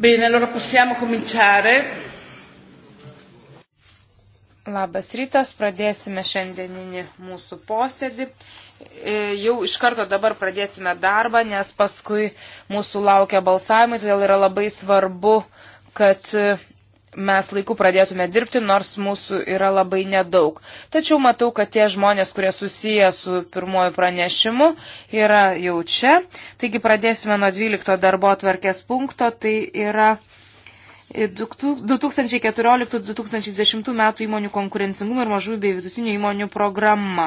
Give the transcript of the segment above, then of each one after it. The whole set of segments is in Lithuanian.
Bene, allora possiamo cominciare. Labas rytas, pradėsime šiandieninį mūsų posėdį. E, jau iš karto dabar pradėsime darbą, nes paskui mūsų laukia balsavimai, todėl yra labai svarbu, kad mes laiku pradėtume dirbti, nors mūsų yra labai nedaug. Tačiau matau, kad tie žmonės, kurie susiję su pirmoju pranešimu, yra jau čia. Taigi pradėsime nuo 12 darbo atverkės punkto. Tai yra 2014-2020 metų įmonių konkurencingumo ir mažųjų bei vidutinių įmonių programa.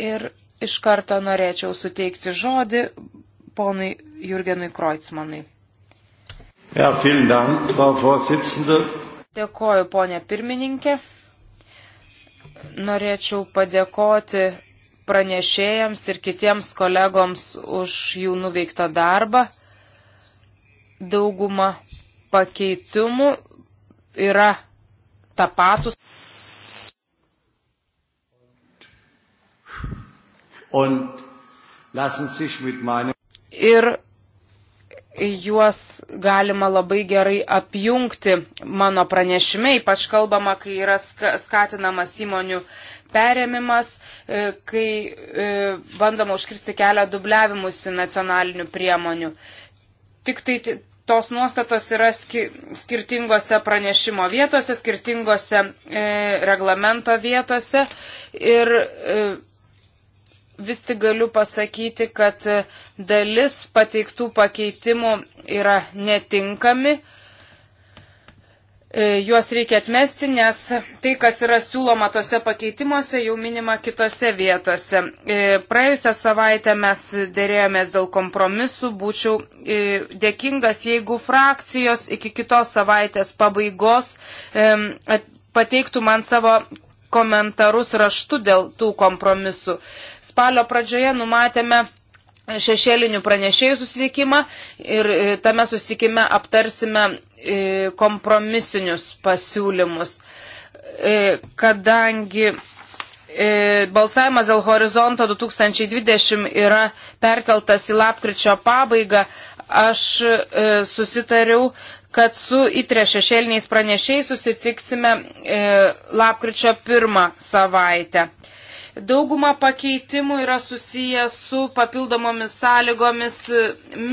Ir iš karto norėčiau suteikti žodį ponui Jurgenui Kreutzmanui. Ja, dank, Dėkoju, ponė pirmininkė. Norėčiau padėkoti pranešėjams ir kitiems kolegoms už jų nuveiktą darbą. Dauguma pakeitimų yra tapatus. Und lassen sich mit meinem ir juos galima labai gerai apjungti mano pranešime, ypač kalbama, kai yra skatinamas įmonių perėmimas, e, kai e, bandoma užkirsti kelią dubliavimus į nacionalinių priemonių. Tik tai tos nuostatos yra skirtingose pranešimo vietose, skirtingose e, reglamento vietose ir vis tik galiu pasakyti, kad dalis pateiktų pakeitimų yra netinkami. E, juos reikia atmesti, nes tai, kas yra siūloma tose pakeitimuose, jau minima kitose vietose. E, praėjusią savaitę mes dėrėjomės dėl kompromisų. Būčiau e, dėkingas, jeigu frakcijos iki kitos savaitės pabaigos pateiktų man savo komentarus raštu dėl tų kompromisų spalio pradžioje numatėme šešėlinių pranešėjų susitikimą ir e, tame susitikime aptarsime e, kompromisinius pasiūlymus, e, kadangi balsavimas dėl horizonto 2020 yra perkeltas į lapkričio pabaigą, aš susitariau, kad su įtre šešėliniais pranešėjais susitiksime lapkričio pirmą savaitę. Dauguma pakeitimų yra susiję su papildomomis sąlygomis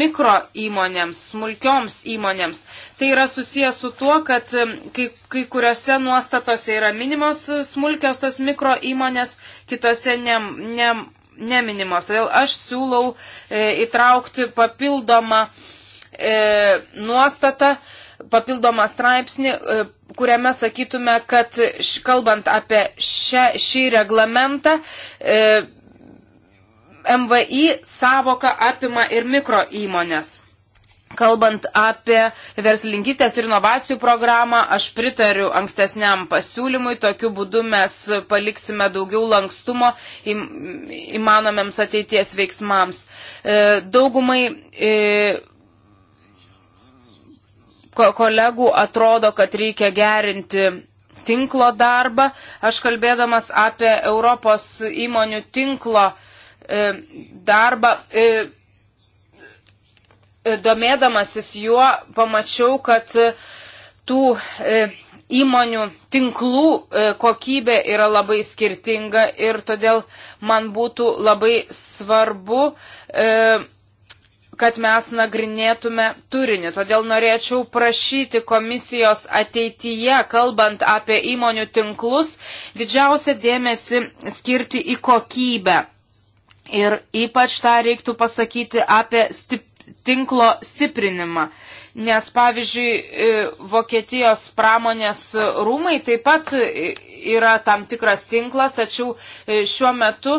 mikro įmonėms, smulkioms įmonėms. Tai yra susiję su tuo, kad kai, kai kuriuose nuostatose yra minimos smulkios tos mikro įmonės, kitose ne, ne, neminimos. Todėl aš siūlau e, įtraukti papildomą e, nuostatą, e, papildomą straipsnį, e, kuriame sakytume, kad kalbant apie šią, šį reglamentą, e, MVI savoka apima ir mikro įmonės. Kalbant apie verslininkistės ir inovacijų programą, aš pritariu ankstesniam pasiūlymui, tokiu būdu mes paliksime daugiau lankstumo įmanomiams ateities veiksmams. E, daugumai kolegų atrodo, kad reikia gerinti tinklo darbą. Aš kalbėdamas apie Europos įmonių tinklo e, darbą, e, e, domėdamasis juo, pamačiau, kad tų įmonių tinklų kokybė yra labai skirtinga ir todėl man būtų labai svarbu kad mes nagrinėtume turinį. Todėl norėčiau prašyti komisijos ateityje, kalbant apie įmonių tinklus, didžiausią dėmesį skirti į kokybę. Ir ypač tą reiktų pasakyti apie stip, tinklo stiprinimą. Nes, pavyzdžiui, e, Vokietijos pramonės rūmai taip pat e, yra tam tikras tinklas, tačiau e, šiuo metu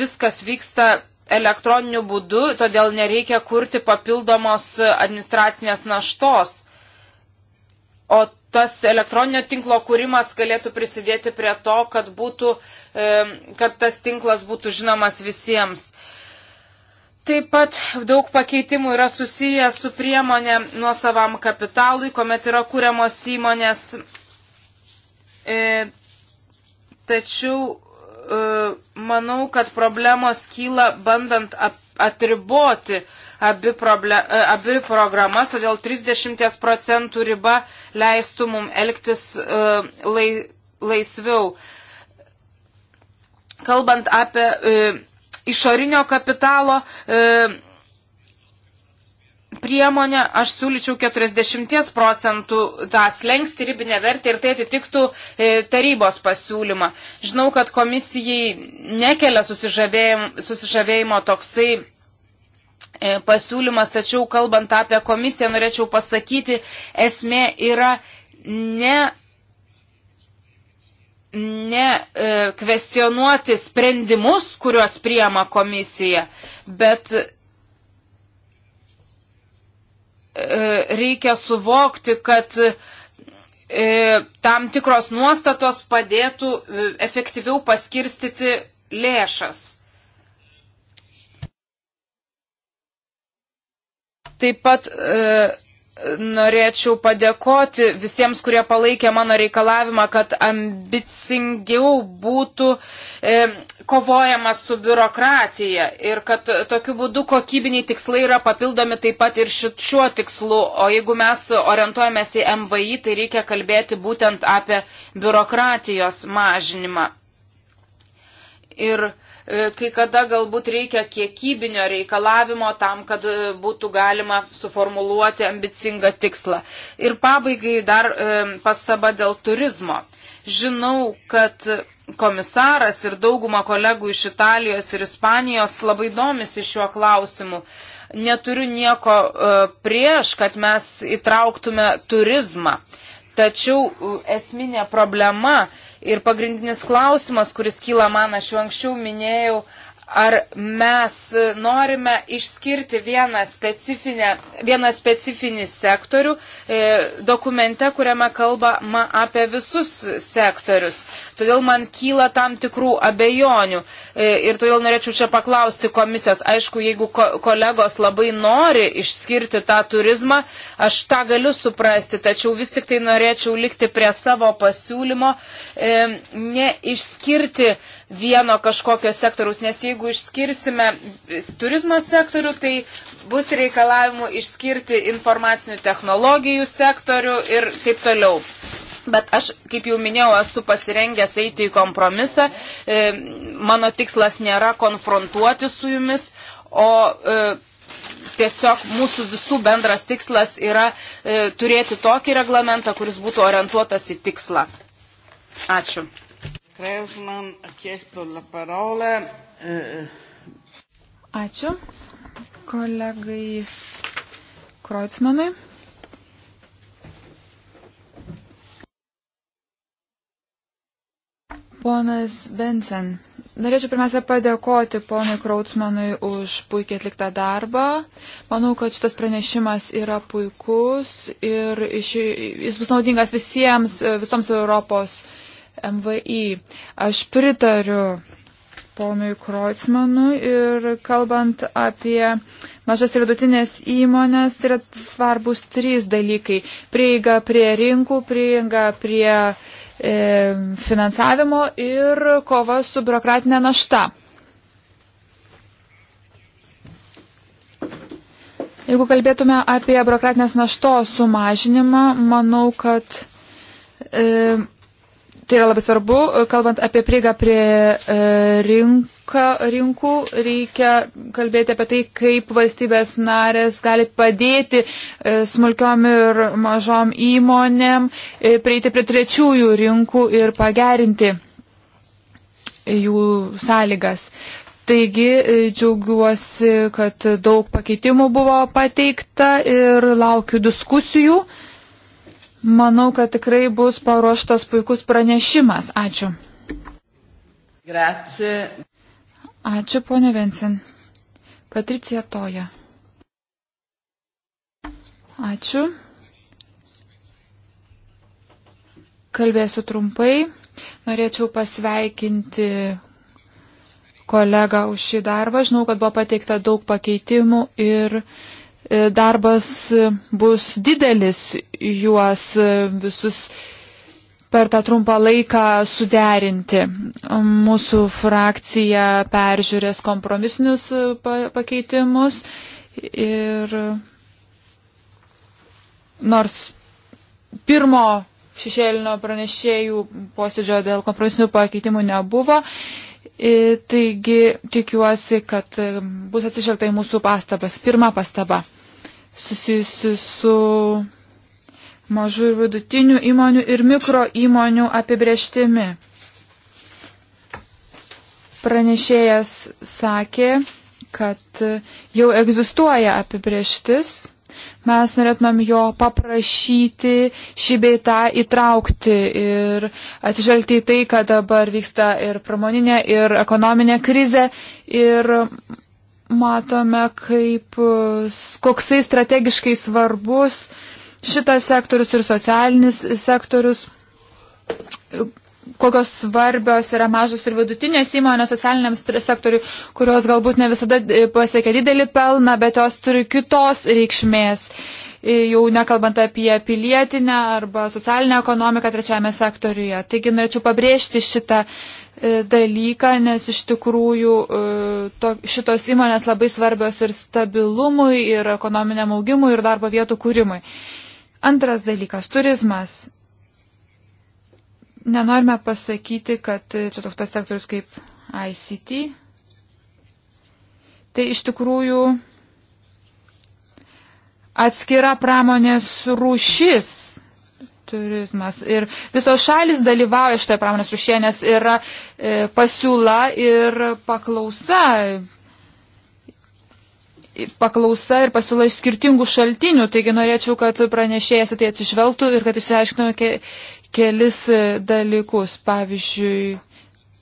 viskas vyksta elektroniniu būdu, todėl nereikia kurti papildomos administracinės naštos. O tas elektroninio tinklo kūrimas galėtų prisidėti prie to, kad, būtų, e, kad tas tinklas būtų žinomas visiems. Taip pat daug pakeitimų yra susiję su priemonė nuosavam kapitalui, kuomet yra kūriamos įmonės. E, tačiau E, manau, kad problemos kyla bandant atriboti abi, problem, e, abi programas, todėl 30 procentų riba leistų mum elgtis e, lai, laisviau. Kalbant apie išorinio kapitalo e, priemonę, aš siūlyčiau 40 procentų tą slengsti ribinę vertę ir tai atitiktų e, tarybos pasiūlymą. Žinau, kad komisijai nekelia susižavėjimo, susižavėjimo toksai e, pasiūlymas, tačiau kalbant apie komisiją, norėčiau pasakyti, esmė yra ne ne e, kvestionuoti sprendimus, kuriuos priema komisija, bet E, reikia suvokti, kad e, tam tikros nuostatos padėtų e, efektyviau paskirstyti lėšas. Taip pat norėčiau padėkoti visiems, kurie palaikė mano reikalavimą, kad ambicingiau būtų e, kovojama su biurokratija ir kad tokiu būdu kokybiniai tikslai yra papildomi taip pat ir šiuo tikslu. O jeigu mes orientuojamės į MVI, tai reikia kalbėti būtent apie biurokratijos mažinimą. Ir e, E, kai kada galbūt reikia kiekybinio reikalavimo tam, kad e, būtų galima suformuluoti ambicingą tikslą. Ir pabaigai dar e, pastaba dėl turizmo. Žinau, kad komisaras ir dauguma kolegų iš Italijos ir Ispanijos labai domisi šiuo klausimu. Neturiu nieko prieš, kad mes įtrauktume turizmą. Tačiau esminė problema Ir pagrindinis klausimas, kuris kyla man, aš jau anksčiau minėjau, uh, ar mes norime išskirti vieną, vieną specifinį sektorių e, dokumente, kuriame kalbama apie visus sektorius. Todėl man kyla tam tikrų abejonių e, ir todėl norėčiau čia paklausti komisijos. Aišku, jeigu ko, kolegos labai nori išskirti tą turizmą, aš tą galiu suprasti, tačiau vis tik tai norėčiau likti prie savo pasiūlymo, e, neišskirti vieno kažkokio sektoriaus, nes jeigu išskirsime turizmo sektorių, tai bus reikalavimų išskirti informacinių technologijų sektorių ir taip toliau. Bet aš, kaip jau minėjau, esu pasirengęs eiti į kompromisą. E, mano tikslas nėra konfrontuoti su jumis, o e, tiesiog mūsų visų bendras tikslas yra e, turėti tokį reglamentą, kuris būtų orientuotas į tikslą. Ačiū. Kreuzman ha chiesto la parola. Eh, Ačiū kolegai Kreuzmanui. Ponas Bensen, norėčiau pirmiausia padėkoti ponui Krautsmanui už puikiai atliktą darbą. Manau, kad šitas pranešimas yra puikus ir iš, jis bus naudingas visiems, visoms Europos MVI. Aš pritariu ponui Kreutzmanui ir kalbant apie mažas ir vidutinės įmonės, tai yra svarbus trys dalykai. Prieiga prie rinkų, prieiga prie e, finansavimo ir kova su biurokratinė našta. Jeigu kalbėtume apie biurokratinės naštos sumažinimą, manau, kad e, Tai yra labai svarbu, kalbant apie prieigą prie e, rinka, rinkų, reikia kalbėti apie tai, kaip valstybės narės gali padėti e, smulkiom ir mažom įmonėm e, prieiti prie trečiųjų rinkų ir pagerinti jų sąlygas. Taigi džiaugiuosi, kad daug pakeitimų buvo pateikta ir laukiu diskusijų. Manau, kad tikrai bus paruoštas puikus pranešimas. Ačiū. Grazie. Ačiū, ponė Vensin. Patricija Toja. Ačiū. Kalbėsiu trumpai. Norėčiau pasveikinti kolegą už šį darbą. Žinau, kad buvo pateikta daug pakeitimų ir uh, E, darbas e, bus didelis juos e, visus per tą trumpą laiką suderinti. Mūsų frakcija peržiūrės kompromisinius pakeitimus ir nors pirmo šešėlinio pranešėjų posėdžio dėl kompromisinių pakeitimų nebuvo, taigi tikiuosi, kad bus atsižvelgta į mūsų pastabas. Pirma pastaba susijusi su mažų ir vidutinių įmonių ir mikro įmonių apibrieštimi. Pranešėjas sakė, kad jau egzistuoja apibrieštis, mes norėtumėm jo paprašyti šį beitą įtraukti ir atsižvelgti į tai, kad dabar vyksta ir pramoninė, ir ekonominė krizė ir matome, kaip, koksai strategiškai svarbus šitas sektorius ir socialinis sektorius, kokios svarbios yra mažos ir vidutinės įmonės socialiniam sektoriui, kurios galbūt ne visada e, pasiekia didelį pelną, bet jos turi kitos reikšmės. E, jau nekalbant apie pilietinę arba socialinę ekonomiką trečiame sektoriuje. Taigi norėčiau pabrėžti šitą uh, E, dalyką, nes iš tikrųjų e, to, šitos įmonės labai svarbios ir stabilumui, ir ekonominiam augimui, ir darbo vietų kūrimui. Antras dalykas - turizmas. Nenorime pasakyti, kad e, čia toks pats sektorius kaip ICT. Tai iš tikrųjų atskira pramonės rūšis turizmas. Ir visos šalis dalyvauja šitoje pramonės rušėje, nes yra e, pasiūla ir paklausa. Paklausa ir pasiūla iš skirtingų šaltinių, taigi norėčiau, kad pranešėjas tai atsižvelgtų ir kad išsiaiškinume ke, kelis e, dalykus. Pavyzdžiui,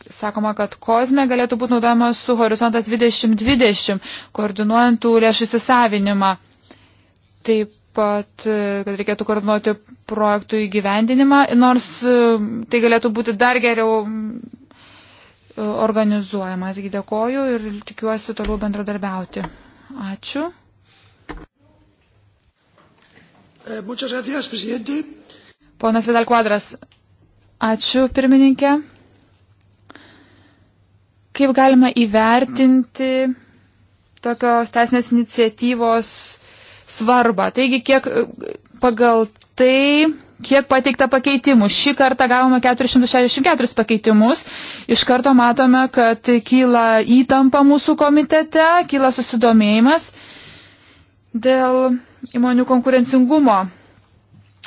sakoma, kad kozme galėtų būti naudojamas su horizontas 2020, koordinuojant tų lėšų įsisavinimą. Taip pat, e, kad reikėtų koordinuoti projektų įgyvendinimą, nors e, tai galėtų būti dar geriau e, organizuojama. Taigi dėkoju ir tikiuosi toliau bendradarbiauti. Ačiū. Gracias, Ponas Vidal Kvadras, ačiū pirmininkė. Kaip galima įvertinti tokios teisinės iniciatyvos svarbą. Taigi, kiek pagal tai, kiek pateikta pakeitimų. Šį kartą gavome 464 pakeitimus. Iš karto matome, kad kyla įtampa mūsų komitete, kyla susidomėjimas dėl įmonių konkurencingumo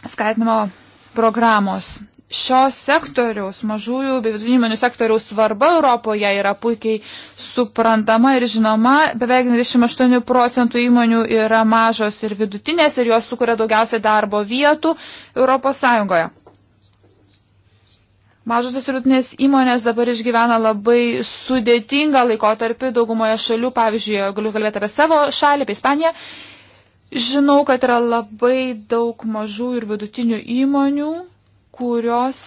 skatinimo programos šios sektoriaus, mažųjų bei vidutinių įmonių sektoriaus svarba Europoje yra puikiai suprantama ir žinoma. Beveik 28 procentų įmonių yra mažos ir vidutinės ir jos sukuria daugiausia darbo vietų ES. Mažosios ir vidutinės įmonės dabar išgyvena labai sudėtingą laikotarpį daugumoje šalių, pavyzdžiui, galiu kalbėti apie savo šalį, apie Ispaniją. Žinau, kad yra labai daug mažų ir vidutinių įmonių, kurios,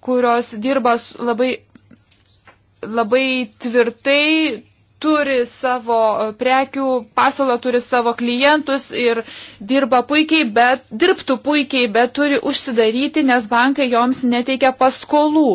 kurios dirba labai, labai tvirtai, turi savo e, prekių, pasalą turi savo klientus ir dirba puikiai, bet dirbtų puikiai, bet turi užsidaryti, nes bankai joms neteikia paskolų.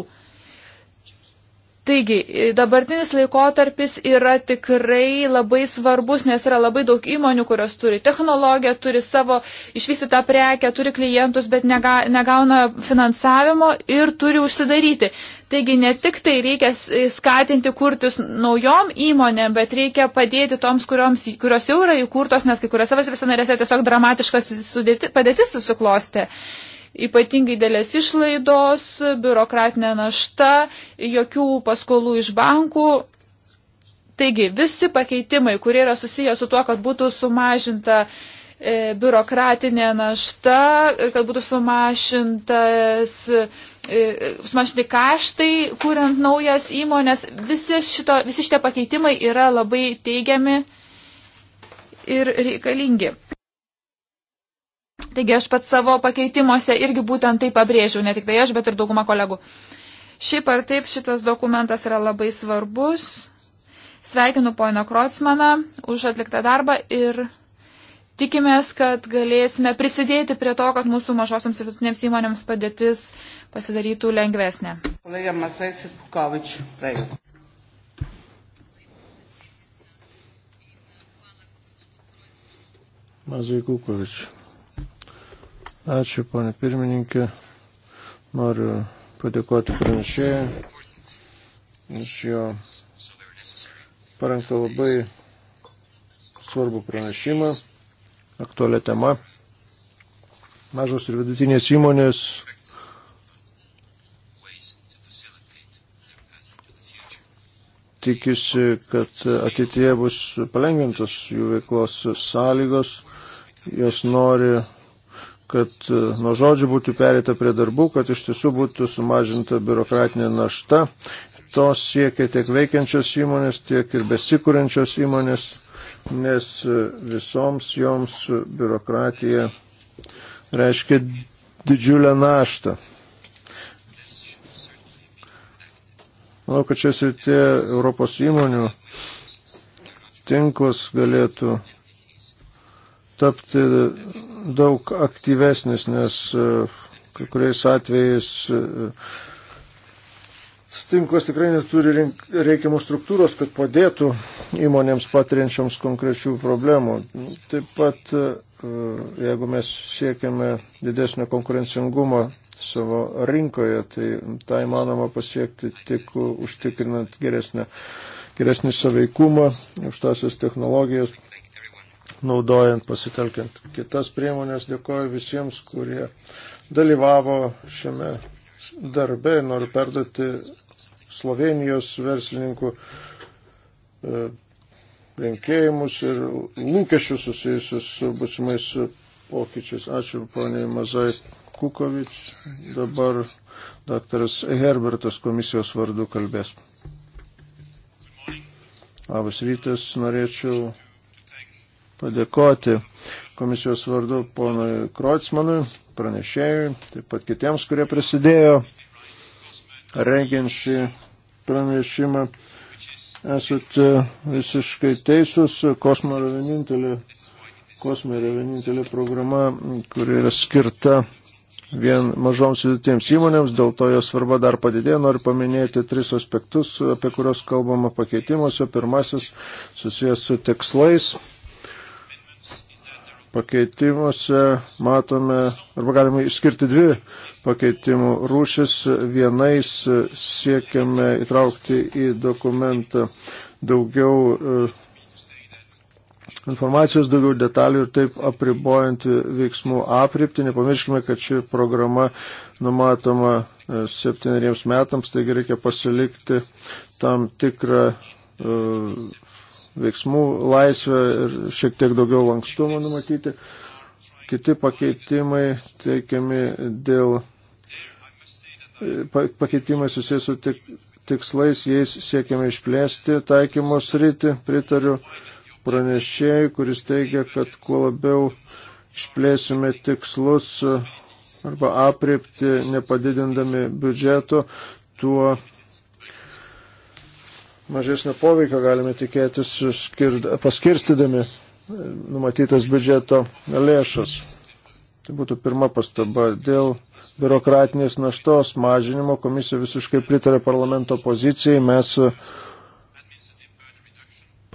Taigi, dabartinis laikotarpis yra tikrai labai svarbus, nes yra labai daug įmonių, kurios turi technologiją, turi savo išvystytą prekę, turi klientus, bet nega, negauna finansavimo ir turi užsidaryti. Taigi, ne tik tai reikia skatinti kurtis naujom įmonėm, bet reikia padėti toms, kurioms, kurios jau yra įkurtos, nes kai kuriuose valstybėse narėse tiesiog dramatiškas sudėti, padėtis susiklosti ypatingai dėlės išlaidos, biurokratinė našta, jokių paskolų iš bankų. Taigi visi pakeitimai, kurie yra susiję su tuo, kad būtų sumažinta e, biurokratinė našta, kad būtų sumažintas, e, sumažinti kaštai, kuriant naujas įmonės. Visi, šito, visi šitie pakeitimai yra labai teigiami ir reikalingi. Taigi aš pats savo pakeitimuose irgi būtent tai pabrėžiau, ne tik tai aš, bet ir dauguma kolegų. Šiaip ar taip šitas dokumentas yra labai svarbus. Sveikinu poino Krotsmaną už atliktą darbą ir tikimės, kad galėsime prisidėti prie to, kad mūsų mažosioms ir vidutinėms įmonėms padėtis pasidarytų lengvesnė. Mazai Kukovičiu. Ačiū, ponė pirmininkė. Noriu padėkoti pranešėjai iš jo parengtą labai svarbų pranešimą, aktualią temą. Mažos ir vidutinės įmonės tikisi, kad ateitie bus palengvintos jų veiklos sąlygos, jos nori kad e, nuo žodžių būtų perėta prie darbų, kad iš tiesų būtų sumažinta biurokratinė našta. To siekia tiek veikiančios įmonės, tiek ir besikūrenčios įmonės, nes e, visoms joms biurokratija reiškia didžiulę naštą. Manau, kad čia srityje Europos įmonių tinklas galėtų tapti daug aktyvesnis, nes e, kai kuriais atvejais e, tinklas tikrai neturi reikiamų struktūros, kad padėtų įmonėms patiriančioms konkrečių problemų. Taip pat, e, jeigu mes siekiame didesnio konkurencingumo savo rinkoje, tai tą įmanoma pasiekti tik užtikrinant geresnę, geresnį saveikumą, užtasios technologijas naudojant, pasitelkiant kitas priemonės. Dėkoju visiems, kurie dalyvavo šiame darbe ir noriu perduoti Slovenijos verslininkų e, linkėjimus ir lūkesčius susijusius su busimais pokyčiais. Ačiū, ponė Mazai Kukovič. Dabar daktaras Herbertas komisijos vardu kalbės. Labas rytas, norėčiau padėkoti komisijos vardu ponui Krocmanui, pranešėjui, taip pat kitiems, kurie prisidėjo rengiant šį pranešimą. Esate visiškai teisūs, kosmo yra vienintelė, kosmo yra vienintelė programa, kuri yra skirta vien mažoms vidutinėms įmonėms, dėl to jos svarba dar padidėjo. Noriu paminėti tris aspektus, apie kuriuos kalbama pakeitimuose. Pirmasis susijęs su tikslais pakeitimuose matome, arba galima išskirti dvi pakeitimų rūšis. Vienais siekiame įtraukti į dokumentą daugiau e, informacijos, daugiau detalių ir taip apribojant veiksmų apripti. Nepamirškime, kad ši programa numatoma e, septyneriems metams, taigi reikia pasilikti tam tikrą e, veiksmų laisvę ir šiek tiek daugiau lankstumo numatyti. Kiti pakeitimai teikiami dėl pakeitimai susijęs su tik, tikslais, jais siekiame išplėsti taikymo sritį. Pritariu pranešėjai, kuris teigia, kad kuo labiau išplėsime tikslus arba apriepti nepadidindami biudžeto, tuo mažesnio poveikio galime tikėtis skird, paskirstydami e, numatytas biudžeto lėšas. Tai būtų pirma pastaba. Dėl biurokratinės naštos mažinimo komisija visiškai pritarė parlamento pozicijai. Mes e,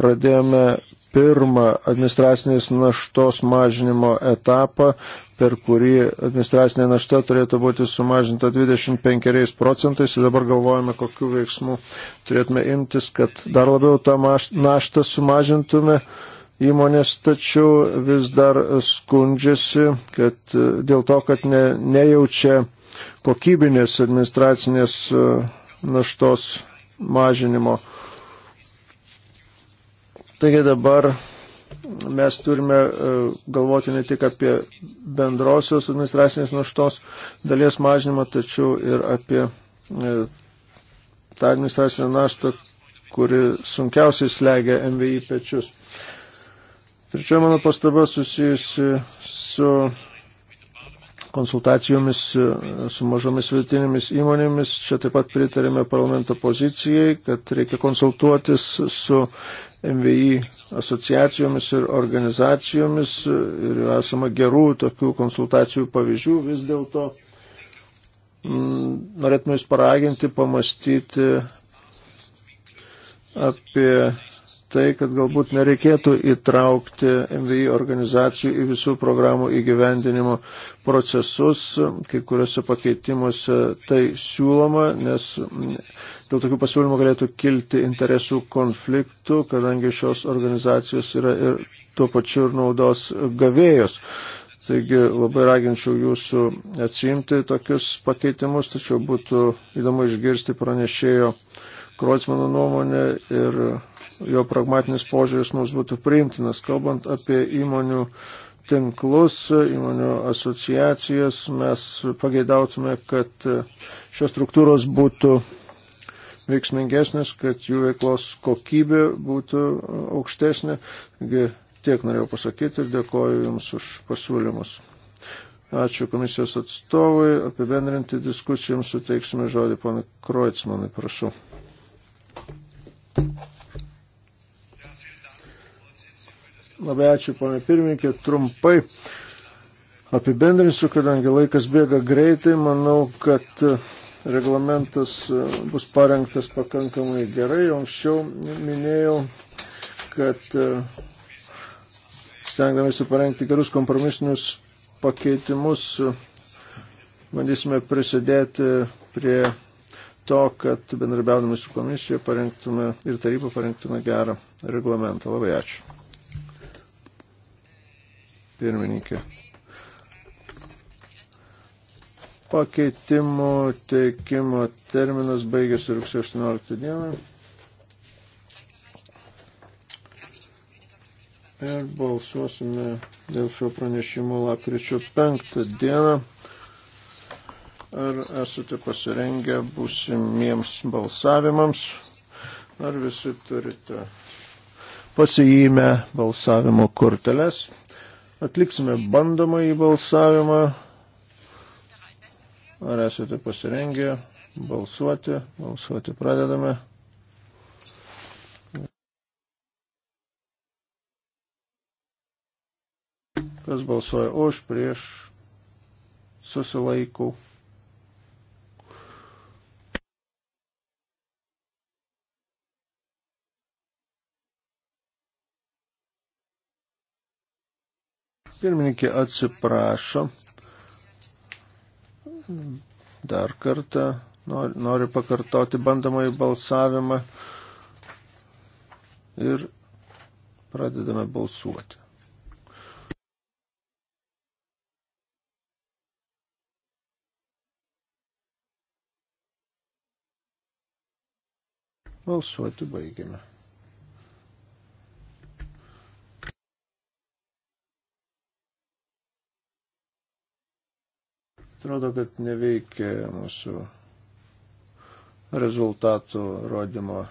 pradėjome pirmą administracinės naštos mažinimo etapą, per kurį administracinė našta turėtų būti sumažinta 25 procentais ir dabar galvojame, kokiu veiksmu turėtume imtis, kad dar labiau tą naštą sumažintume. Įmonės tačiau vis dar skundžiasi, kad e, dėl to, kad ne, nejaučia kokybinės administracinės e, naštos mažinimo. Taigi dabar mes turime e, galvoti ne tik apie bendrosios administracinės naštos dalies mažinimą, tačiau ir apie e, tą administracinę naštą, kuri sunkiausiai slegia MVI pečius. Trečioji mano pastaba susijusi su konsultacijomis e, su mažomis vidutinėmis įmonėmis. Čia taip pat pritarėme parlamento pozicijai, kad reikia konsultuotis su MVI asociacijomis ir organizacijomis ir jau esama gerų tokių konsultacijų pavyzdžių, vis dėlto mm, norėtume jūs paraginti, pamastyti apie tai, kad galbūt nereikėtų įtraukti MVI organizacijų į visų programų įgyvendinimo procesus, kai kuriuose pakeitimuose tai siūloma, nes dėl tokių pasiūlymų galėtų kilti interesų konfliktų, kadangi šios organizacijos yra ir tuo pačiu ir naudos gavėjos. Taigi labai raginčiau jūsų atsimti tokius pakeitimus, tačiau būtų įdomu išgirsti pranešėjo Krocmano nuomonę ir jo pragmatinis požiūris mums būtų priimtinas. Kalbant apie įmonių tinklus, įmonių asociacijas, mes pageidautume, kad šios struktūros būtų veiksmingesnės, kad jų veiklos kokybė būtų aukštesnė. Tiek norėjau pasakyti ir dėkoju Jums už pasiūlymus. Ačiū komisijos atstovui. Apibendrinti diskusijoms suteiksime žodį pana Kroitsmanui, prašau. Labai ačiū, pana pirmininkė, trumpai apibendrinsiu, kadangi laikas bėga greitai, manau, kad reglamentas e, bus parengtas pakankamai gerai. Anksčiau minėjau, kad e, stengdamėsi parengti gerus kompromisinius pakeitimus, e, bandysime prisidėti prie to, kad bendrabiaudami su komisija parengtume ir taryba parengtume gerą reglamentą. Labai ačiū. Pirmininkė. Pakeitimų teikimo terminas baigėsi rugsėjo 18 dieną. Ir balsuosime dėl šio pranešimo lapkričio 5 dieną. Ar esate pasirengę būsimiems balsavimams? Ar visi turite pasijymę balsavimo korteles? Atliksime bandomą į balsavimą. Ar esate pasirengę balsuoti? Balsuoti pradedame. Kas balsuoja už, prieš, susilaikau. Pirmininkė atsiprašo. Dar kartą noriu, noriu pakartoti bandomąjį balsavimą ir pradedame balsuoti. Balsuoti baigiame. Atrodo, kad neveikia mūsų rezultatų rodymo.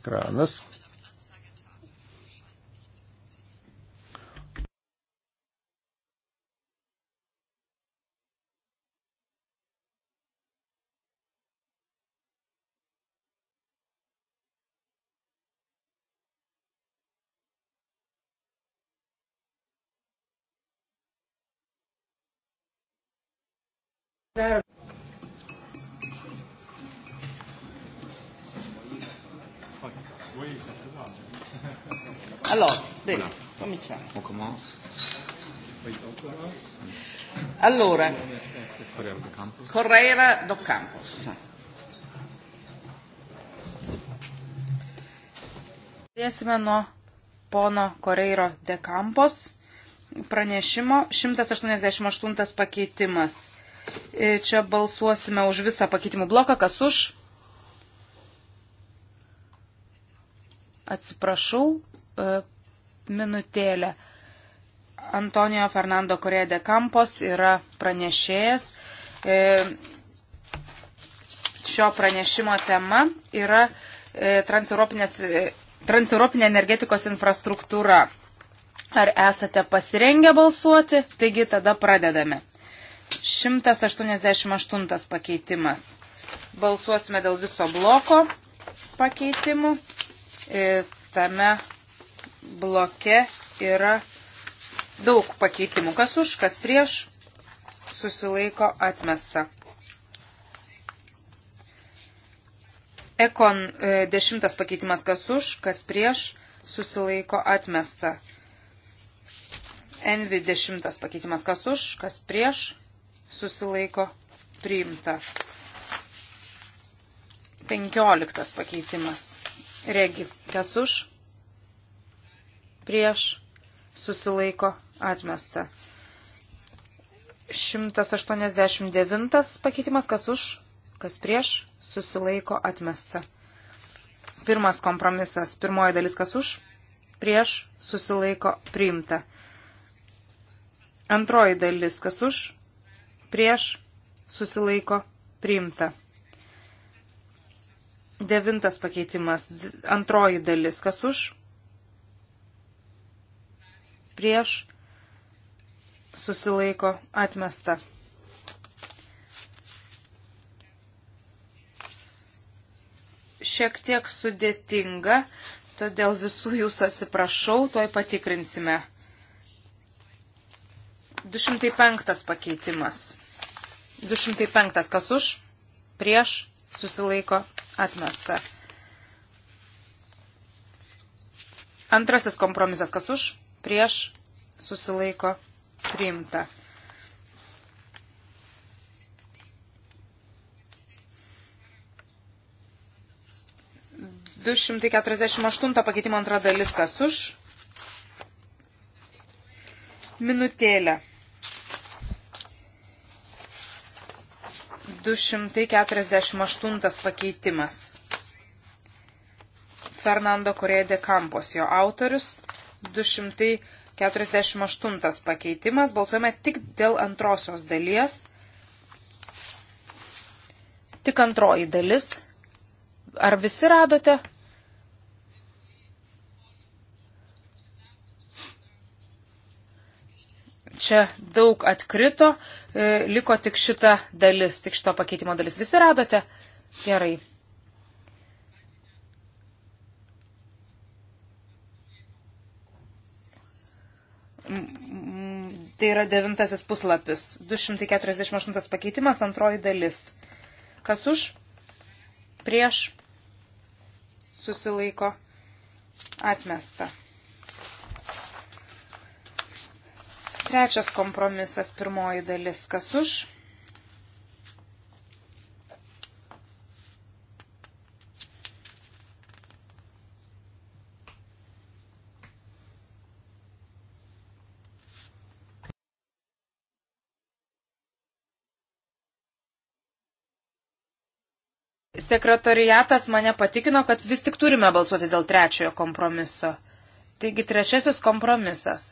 Ekranas. Allora, Correra do Campos. Pradėsime nuo pono Koreiro de Campos pranešimo 188 pakeitimas. E, čia balsuosime už visą pakeitimų bloką, kas už. Atsiprašau, e, minutėlę. Antonijo Fernando Correa de Campos yra pranešėjas. E, šio pranešimo tema yra e, e, transeuropinė energetikos infrastruktūra. Ar esate pasirengę balsuoti? Taigi tada pradedame. 188 pakeitimas. Balsuosime dėl viso bloko pakeitimų. Tame bloke yra Daug pakeitimų. Kas už, kas prieš susilaiko atmesta. Ekon e, dešimtas pakeitimas kas už, kas prieš susilaiko atmesta. Envi dešimtas pakeitimas kas už, kas prieš susilaiko priimta. Penkioliktas pakeitimas. Regi, kas už, prieš susilaiko atmesta. 189 pakeitimas, kas už, kas prieš, susilaiko atmesta. Pirmas kompromisas, pirmoji dalis, kas už, prieš, susilaiko priimta. Antroji dalis, kas už, prieš, susilaiko priimta. Devintas pakeitimas, antroji dalis, kas už, prieš, susilaiko atmesta. Šiek tiek sudėtinga, todėl visų jūsų atsiprašau, tuoj patikrinsime. 205 pakeitimas. 205 kas už, prieš, susilaiko, atmesta. Antrasis kompromisas kas už, prieš, susilaiko, atmesta priimta. Du šimtai keturiasdešimt aštunto pakeitimo antra dalis kas už. Minutėlė. 248 pakeitimas. Fernando Correa de Campos, jo autorius, 248 48 pakeitimas. Balsuojame tik dėl antrosios dalies. Tik antroji dalis. Ar visi radote? Čia daug atkrito, e, liko tik šita dalis, tik šito pakeitimo dalis. Visi radote? Gerai. Tai yra devintasis puslapis. 248 pakeitimas, antroji dalis. Kas už? Prieš? Susilaiko? Atmesta. Trečias kompromisas, pirmoji dalis. Kas už? sekretariatas mane patikino, kad vis tik turime balsuoti dėl trečiojo kompromiso. Taigi trečiasis kompromisas.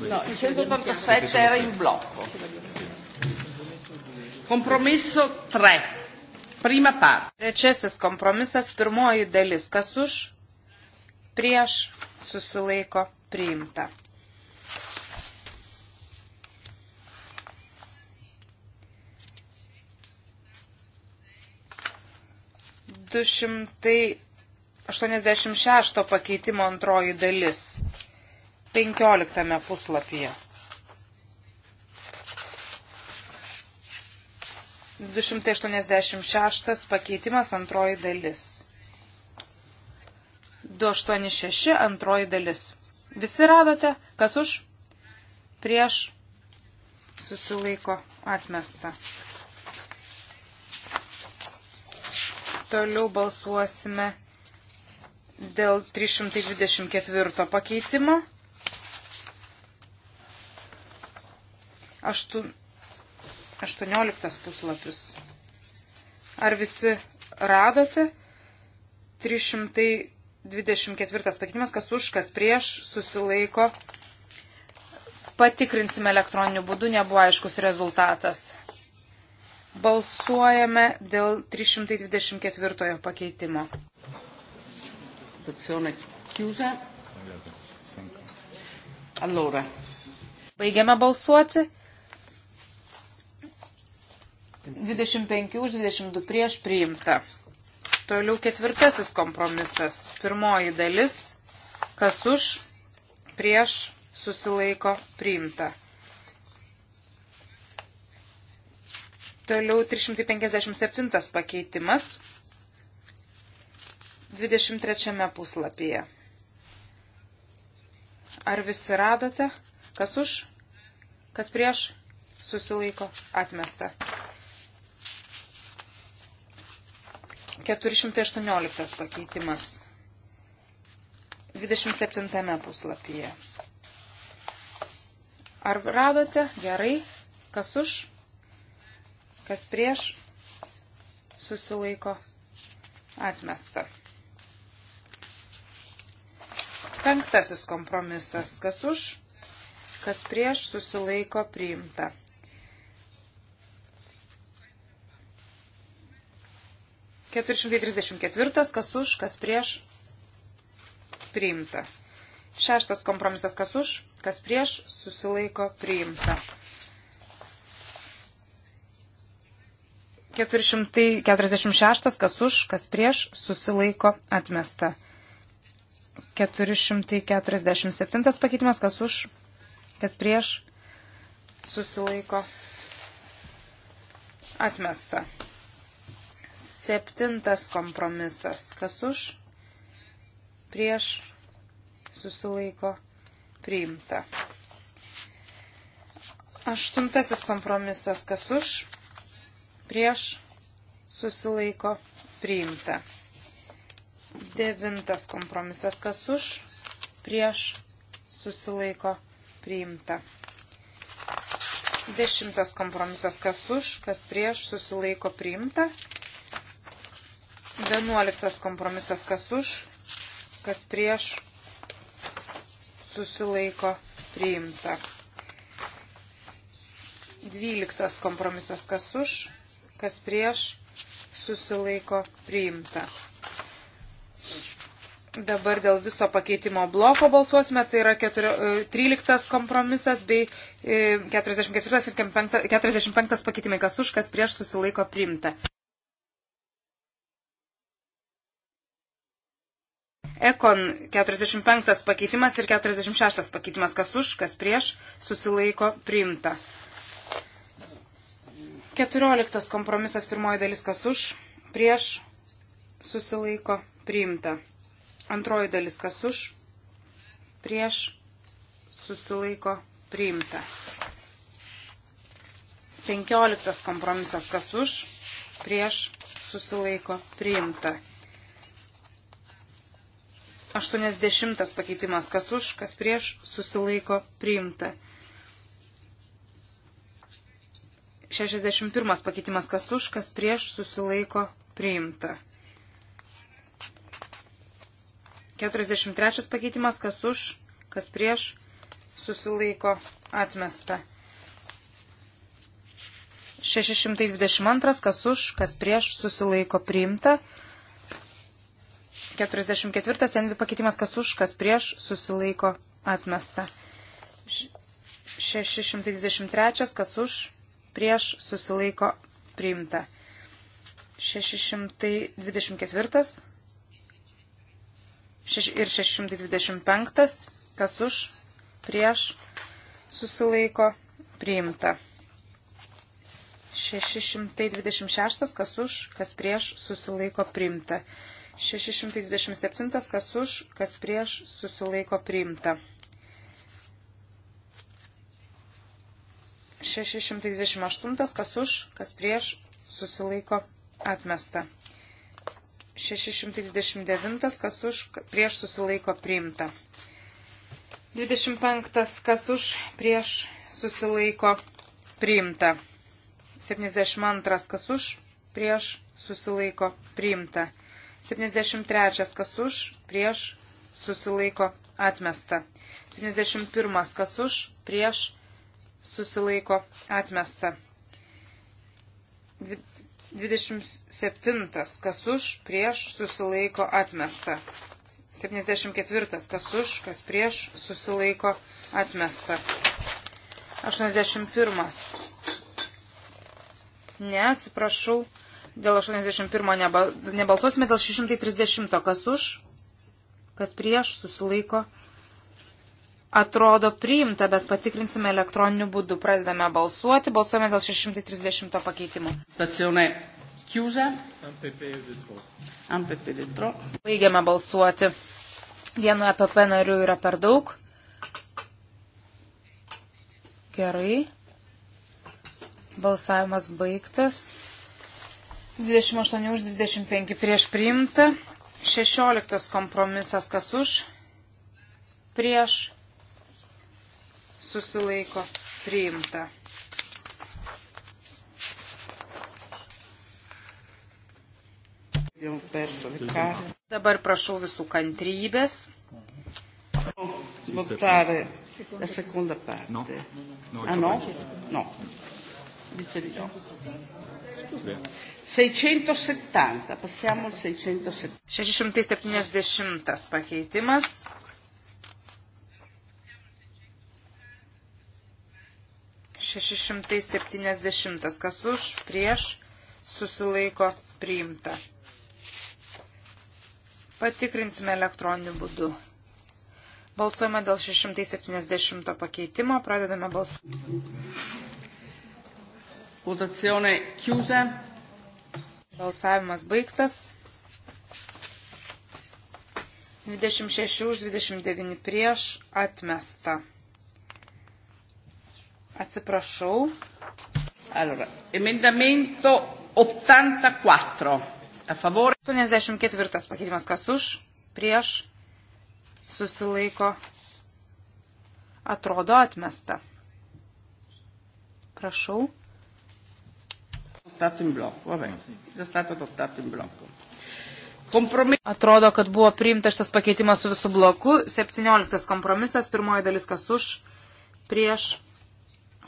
No, il 187 era in blocco. Compromesso 3. Prima parte. Trečiasis kompromisas, pirmoji dalis. Kas už? prieš, susilaiko priimta. Du šimtai 86 pakeitimo antroji dalis. 15 puslapyje. 286 pakeitimas antroji dalis. 286 antroji dalis. Visi radote, kas už, prieš, susilaiko, atmesta. Toliau balsuosime dėl 324 pakeitimo. Aštu... 18 puslapis. Ar visi radote? 300. 24 pakeitimas, kas už, kas prieš, susilaiko. Patikrinsime elektroniniu būdu, nebuvo aiškus rezultatas. Balsuojame dėl 324 pakeitimo. Allora. Baigiame balsuoti. 25 už 22 prieš priimta. Toliau ketvirtasis kompromisas. Pirmoji dalis, kas už, prieš, susilaiko, priimta. Toliau 357 pakeitimas 23 puslapyje. Ar visi radote, kas už, kas prieš, susilaiko, atmesta. 418 pakeitimas. 27 puslapyje. Ar radote? Gerai. Kas už? Kas prieš? Susilaiko. Atmesta. Penktasis kompromisas. Kas už? Kas prieš? Susilaiko priimta. 434, kas už, kas prieš, priimta. Šeštas kompromisas, kas už, kas prieš, susilaiko, priimta. 446, kas už, kas prieš, susilaiko, atmesta. 447 pakeitimas, kas už, kas prieš, susilaiko, atmesta. Septintas kompromisas. Kas už? Prieš susilaiko priimta. Aštuntasis kompromisas. Kas už? Prieš susilaiko priimta. Devintas kompromisas. Kas už? Prieš susilaiko priimta. Dešimtas kompromisas. Kas už? Kas prieš susilaiko priimta. Vienuoliktas kompromisas, kas už, kas prieš, susilaiko priimta. Dvyliktas kompromisas, kas už, kas prieš, susilaiko priimta. Dabar dėl viso pakeitimo bloko balsuosime, tai yra 4, 13 e, kompromisas bei 44 e, ir 45 pakeitimai, kas už, kas prieš susilaiko priimta. Ekon 45 pakeitimas ir 46 pakeitimas, kas už, kas prieš, susilaiko priimta. 14 kompromisas pirmoji dalis, kas už, prieš, susilaiko priimta. Antroji dalis, kas už, prieš, susilaiko priimta. 15 kompromisas, kas už, prieš, susilaiko priimta. 80 pakeitimas, kas už, kas prieš, susilaiko priimta. 61 pakeitimas, kas už, kas prieš, susilaiko priimta. 43 pakeitimas, kas už, kas prieš, susilaiko atmesta. 622, kas už, kas prieš, susilaiko priimta. 44 envi pakeitimas kas už, kas prieš susilaiko atmesta. 623 kas už, prieš susilaiko priimta. 624 ir 625 kas už, prieš susilaiko priimta. 626 kas už, kas prieš susilaiko priimta. 627, kas už, kas prieš, susilaiko priimta. 628, kas už, kas prieš, susilaiko atmesta. 629, kas už, prieš susilaiko priimta. 25, kas už, prieš susilaiko priimta. 72, kas už, prieš susilaiko priimta. 73 kas už, prieš, susilaiko, atmesta. 71 kas už, prieš, susilaiko, atmesta. 27 kas už, prieš, susilaiko, atmesta. 74 kas už, kas prieš, susilaiko, atmesta. 81 Ne, atsiprašau, Dėl 81 nebalsuosime, dėl 630. Kas už? Kas prieš? Susilaiko. Atrodo priimta, bet patikrinsime elektroniniu būdu. Pradedame balsuoti. Balsuojame dėl 630 pakeitimo. Stacione Kiuza. MPP e Detro. E Baigiame balsuoti. Vienu EPP nariu yra per daug. Gerai. Balsavimas baigtas. 28 už 25 prieš priimta. 16 kompromisas kas už. Prieš susilaiko priimta. Dabar prašau visų kantrybės. Votare la seconda parte. No. No, ah no? No. Dice di no. 670, passiamo al 670. 670 pakeitimas. Šešišimtai septyniasdešimtas, kas už, prieš, susilaiko, priimta. Patikrinsime elektroniniu būdu. Balsuojame dėl 670 pakeitimo, pradedame balsuoti. Votazione chiusa. Balsavimas baigtas. 26 už 29 prieš atmesta. Atsiprašau. Allora, emendamento 84. A favore. 84 pakeitimas kas už, prieš, susilaiko, atrodo atmesta. Prašau adottato in blocco, vabbè, è già stato adottato in blocco. Kompromis... Atrodo, kad buvo priimta šitas pakeitimas su visų bloku. 17 kompromisas, pirmoji dalis kas už, prieš,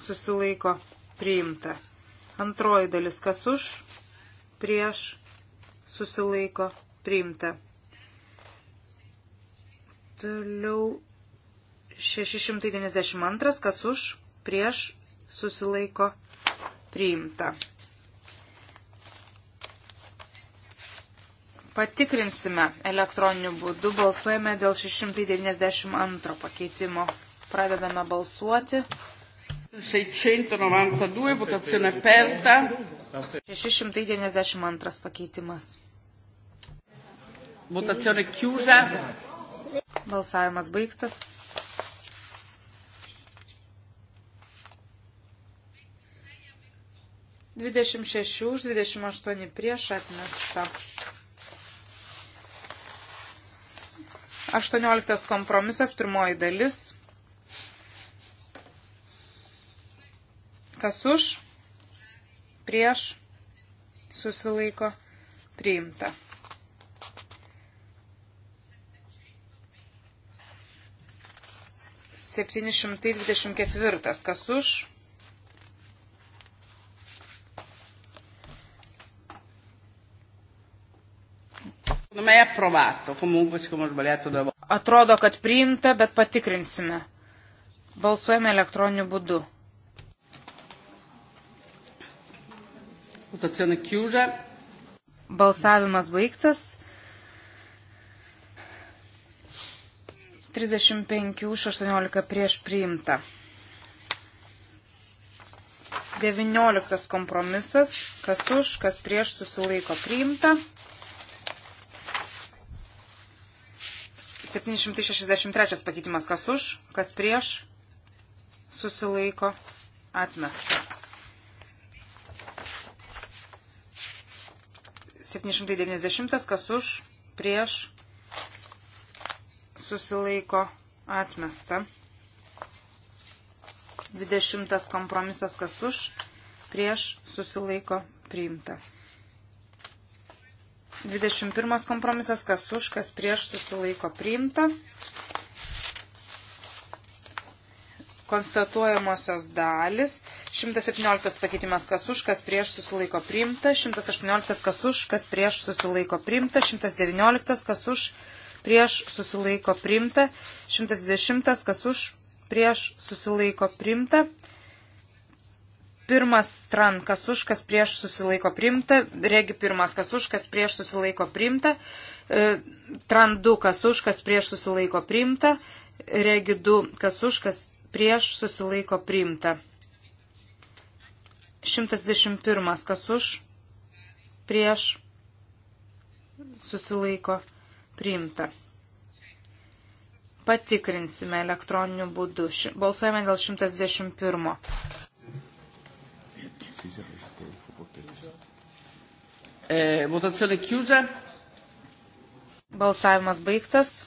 susilaiko, priimta. Antroji dalis kas už, prieš, susilaiko, priimta. Toliau 692, kas už, prieš, susilaiko, priimta. Patikrinsime elektroniniu būdu. Balsuojame dėl 692 pakeitimo. Pradedame balsuoti. 692, votazione aperta. 692 pakeitimas. Votazione chiusa. Balsavimas baigtas. Dvidešimt šeši už, dvidešimt aštuoni prieš atmesta. 18 kompromisas, pirmoji dalis. Kas už, prieš, susilaiko, priimta. Septynišimtai dvidešimt ketvirtas. Kas už, Atrodo, kad priimta, bet patikrinsime. Balsuojame elektroniniu būdu. Votazione chiusa. Balsavimas baigtas. 35 už 18 prieš priimta. 19 kompromisas. Kas už, kas prieš susilaiko priimta. 763 pakeitimas kas už, kas prieš, susilaiko, atmesta. 790 kas už, prieš, susilaiko, atmesta. 20 kompromisas kas už, prieš, susilaiko, priimta. 21 kompromisas, kas už, kas prieš susilaiko priimta. Konstatuojamosios dalis. 117 pakeitimas, kas už, kas prieš susilaiko priimta. 118, kas už, kas prieš susilaiko priimta. 119, kas už, prieš susilaiko priimta. 120, kas už, prieš susilaiko priimta pirmas tran, kas už, kas prieš susilaiko primta, regi pirmas, kas už, kas prieš susilaiko primta, e, tran du, kas už, kas prieš susilaiko primta, regi du, kas už, kas prieš susilaiko primta. 111, kas už, prieš susilaiko primta. Patikrinsime elektroniniu būdu. Balsuojame dėl 111 precise perché il faut portare questo. Eh, votazione chiusa. Balsavimas baigtas.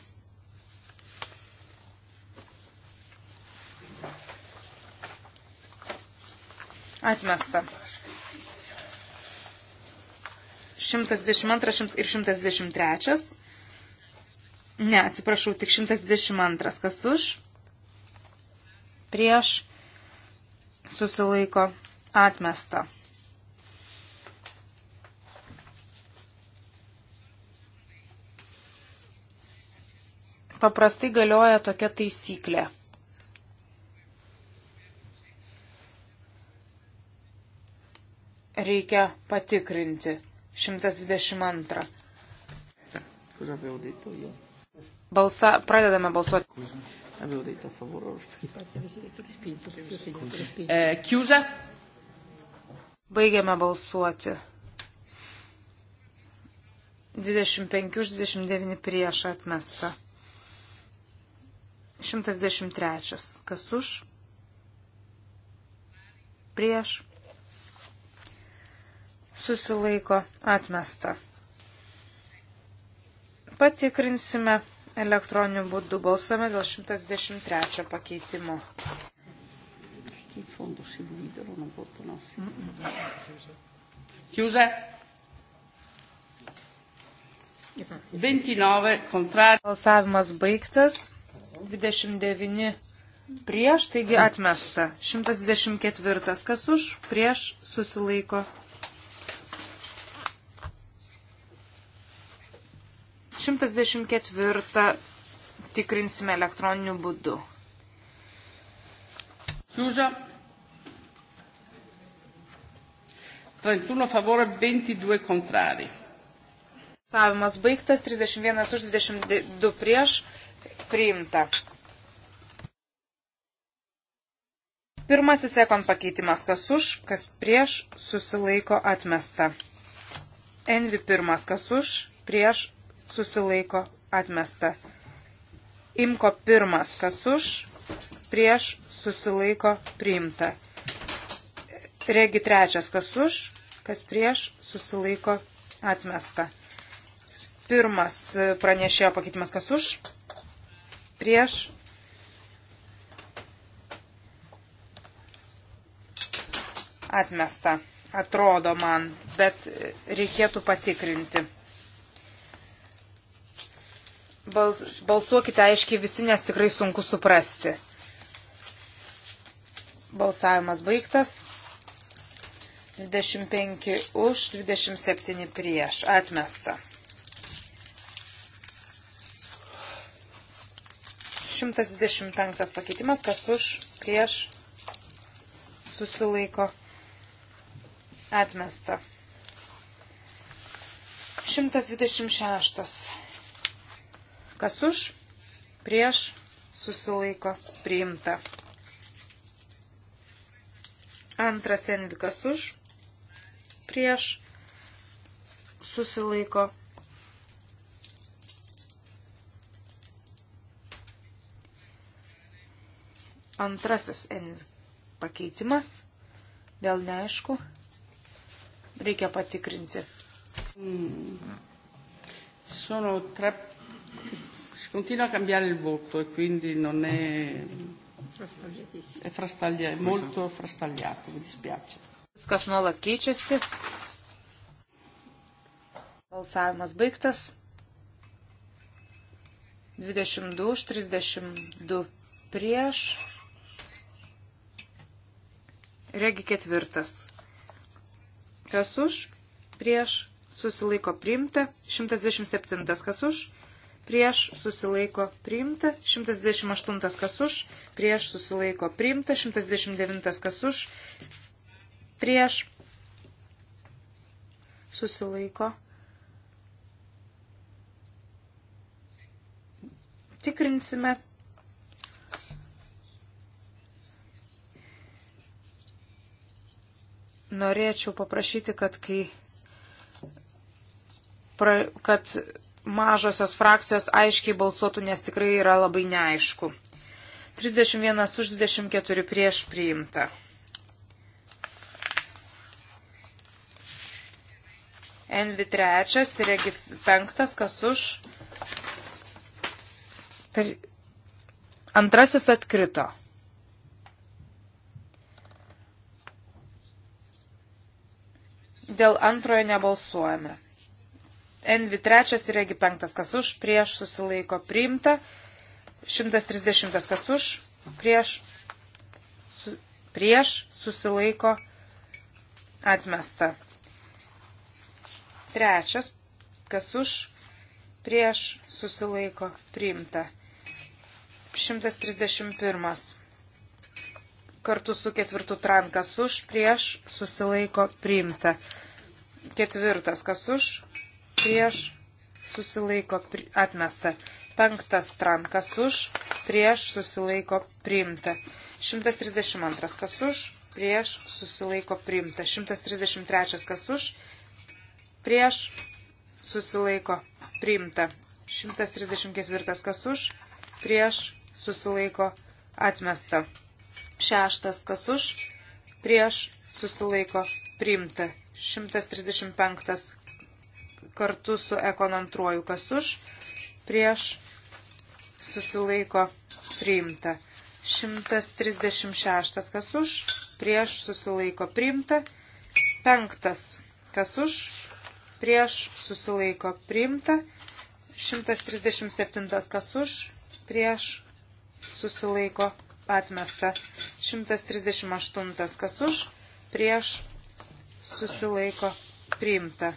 Atmesta. 122 ir 123. Ne, atsiprašau, tik 122. Kas už? Prieš. Susilaiko atmesta. Paprastai galioja tokia taisyklė. Reikia patikrinti. 122. Cosa avevo detto io? Balsa, pradedame balsuoti. Avevo detto a favore o respinto. Avevo detto respinto. Eh, chiusa. Baigiame balsuoti. 25 už 29 prieš atmesta. 113. Kas už? Prieš. Susilaiko atmesta. Patikrinsime elektroniniu būdu balsuome dėl 113 pakeitimo in fondo si dividono, non votano. Sì. Chiusa. 29 kontrarius. Balsavimas baigtas. 29 prieš, taigi atmesta. 124. Kas už, prieš, susilaiko. Šimtas dešimt ketvirtą tikrinsime elektroniniu būdu. Chiusa. 31 a favore, 22 contrari. Balsavimas baigtas, 31 už 22 prieš, priimta. Pirmasis ekon pakeitimas, kas už, kas prieš, susilaiko atmesta. Envi pirmas, kas už, prieš, susilaiko atmesta. Imko pirmas, kas už, prieš, susilaiko priimta. Regi trečias, kas už, kas prieš, susilaiko atmesta. Pirmas pranešėjo pakeitimas, kas už, prieš. Atmesta, atrodo man, bet reikėtų patikrinti bals, balsuokite aiškiai visi, nes tikrai sunku suprasti. Balsavimas baigtas. 25 už, 27 prieš. Atmesta. 125 pakeitimas, kas už, prieš, susilaiko. Atmesta. 126. Kas už, prieš, susilaiko, priimta. Antras envikas už, prieš, susilaiko. Antrasis envi pakeitimas, vėl neaišku, reikia patikrinti. Mm. Sono tre... Si continua a cambiare il voto e quindi non è... Frastagliatissimo. È, frastaglia, è molto frastagliato, mi dispiace. Viskas nuolat keičiasi. Balsavimas baigtas. 22 už 32 prieš. Regi ketvirtas. Kas už? Prieš. Susilaiko priimta. 117. Kas už? prieš susilaiko priimta, 128 kas už, prieš susilaiko priimta, 129 kas už, prieš susilaiko. Tikrinsime. Norėčiau paprašyti, kad kai pra, kad mažosios frakcijos aiškiai balsuotų, nes tikrai yra labai neaišku. 31 už 24 prieš priimta. Envi 3, Regi 5, kas už. Per... Antrasis atkrito. Dėl antrojo nebalsuojame. Envi trečias ir regi penktas, kas už, prieš susilaiko priimta. 130 kas už, prieš, su, prieš susilaiko atmesta. Trečias, kas už, prieš susilaiko priimta. 131 kartu su ketvirtu trankas už, prieš, susilaiko priimta. Ketvirtas, kas už, prieš, susilaiko atmesta. Penktas tran, kas už, prieš, susilaiko priimta. 132, kas už, prieš, susilaiko priimta. 133, kas už, prieš, susilaiko priimta. 134 kas už, prieš susilaiko atmesta. Šeštas kas už, prieš susilaiko priimta. 135 kartu su ekonantruoju, kas už, prieš, susilaiko, priimta. 136, kas už, prieš, susilaiko, priimta. 5, kas už, prieš, susilaiko, priimta. 137, kas už, prieš, susilaiko, atmesta. 138, kas už, prieš, susilaiko, priimta.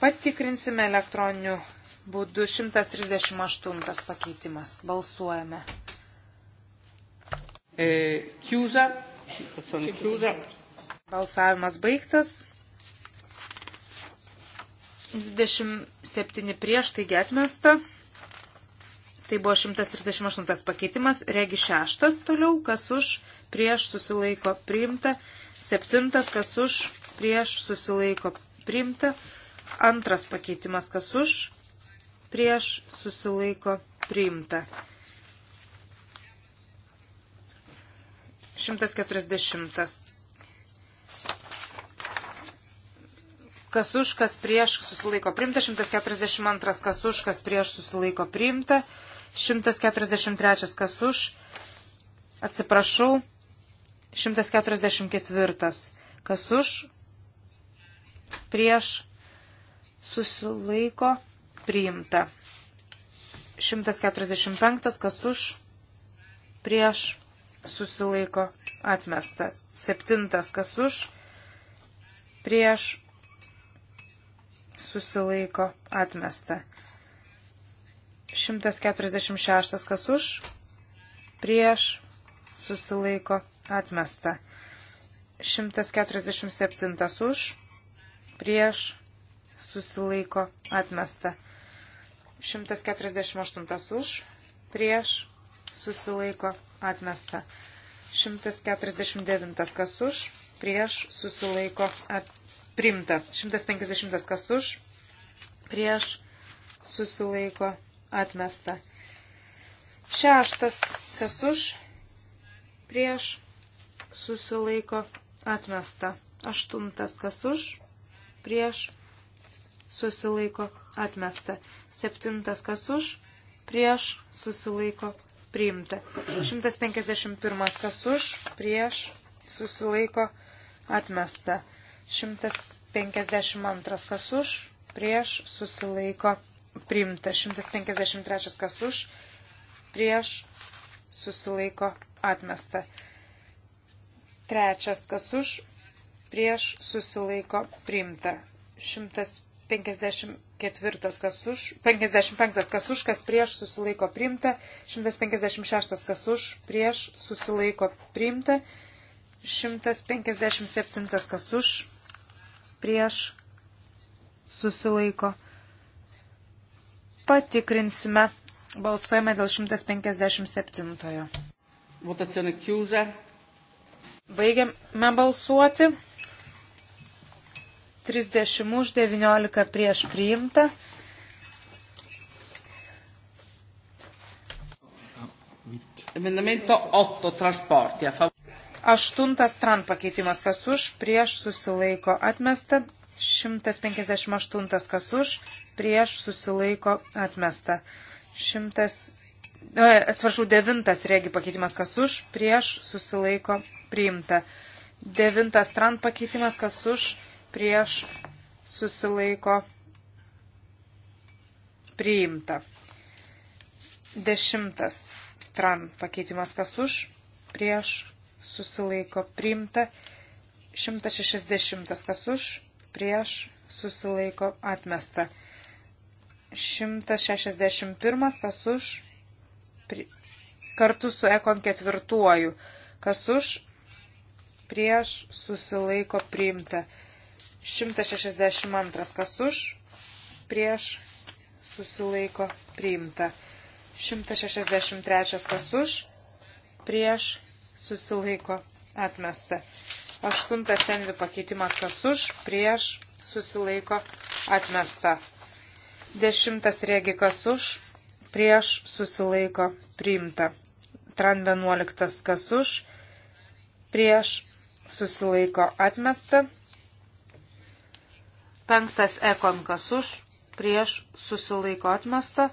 Patikrinsime elektroniniu būdu 138 pakeitimas. Balsuojame. E, chiusa. Chiusa. Balsavimas baigtas. 27 prieš, taigi atmesta. Tai buvo 138 pakeitimas, regi 6 toliau, kas už, prieš susilaiko priimta, 7 kas už, prieš susilaiko priimta, Antras pakeitimas, kas už, prieš, susilaiko, priimta. 140. Kas už, kas prieš, susilaiko priimta. 142. Kas už, kas prieš, susilaiko priimta. 143. Kas už, atsiprašau. 144. Kas už, prieš, susilaiko priimta. 145, kas už, prieš, susilaiko atmesta. 7, kas už, prieš, susilaiko atmesta. 146, kas už, prieš, susilaiko atmesta. 147 už, prieš, susilaiko atmesta. 148 už, prieš susilaiko atmesta. 149 kas už, prieš susilaiko at, primta. 150 kas už, prieš susilaiko atmesta. Šeštas kas už, prieš susilaiko atmesta. Aštuntas kas už, prieš susilaiko atmesta. Septintas kas už, prieš susilaiko priimta. 151 kas už, prieš susilaiko atmesta. 152 kas už, prieš susilaiko priimta. 153 kas už, prieš susilaiko atmesta. Trečias kas už, prieš susilaiko priimta. 100 54 kas už, 55 kas už, kas prieš susilaiko priimta, 156 kas už, prieš susilaiko priimta, 157 kas už, prieš susilaiko. Patikrinsime. Balsuojame dėl 157. Votacione Kiūze. Baigiame balsuoti. 30 už 19 prieš priimta. Emendamento 8 transporti. Aštuntas tran pakeitimas kas už, prieš susilaiko atmesta. 158 kas už, prieš susilaiko atmesta. 100, e, atsiprašau, devintas regi pakeitimas kas už, prieš susilaiko priimta. Devintas tran pakeitimas kas už, prieš susilaiko priimta. Dešimtas tran pakeitimas kas už, prieš susilaiko priimta. 160 kas už, prieš susilaiko atmesta. 161 kas už, pri, kartu su ekon ketvirtuoju, kas už, prieš susilaiko priimta. 162 kas už, prieš susilaiko priimta. 163 kas už, prieš susilaiko atmesta. 8 senvi pakeitimas kas už, prieš susilaiko atmesta. 10 regi kas už, prieš susilaiko priimta. Tran 11 kas už, prieš susilaiko atmesta. Penktas ekonkas už, prieš susilaiko atmesta.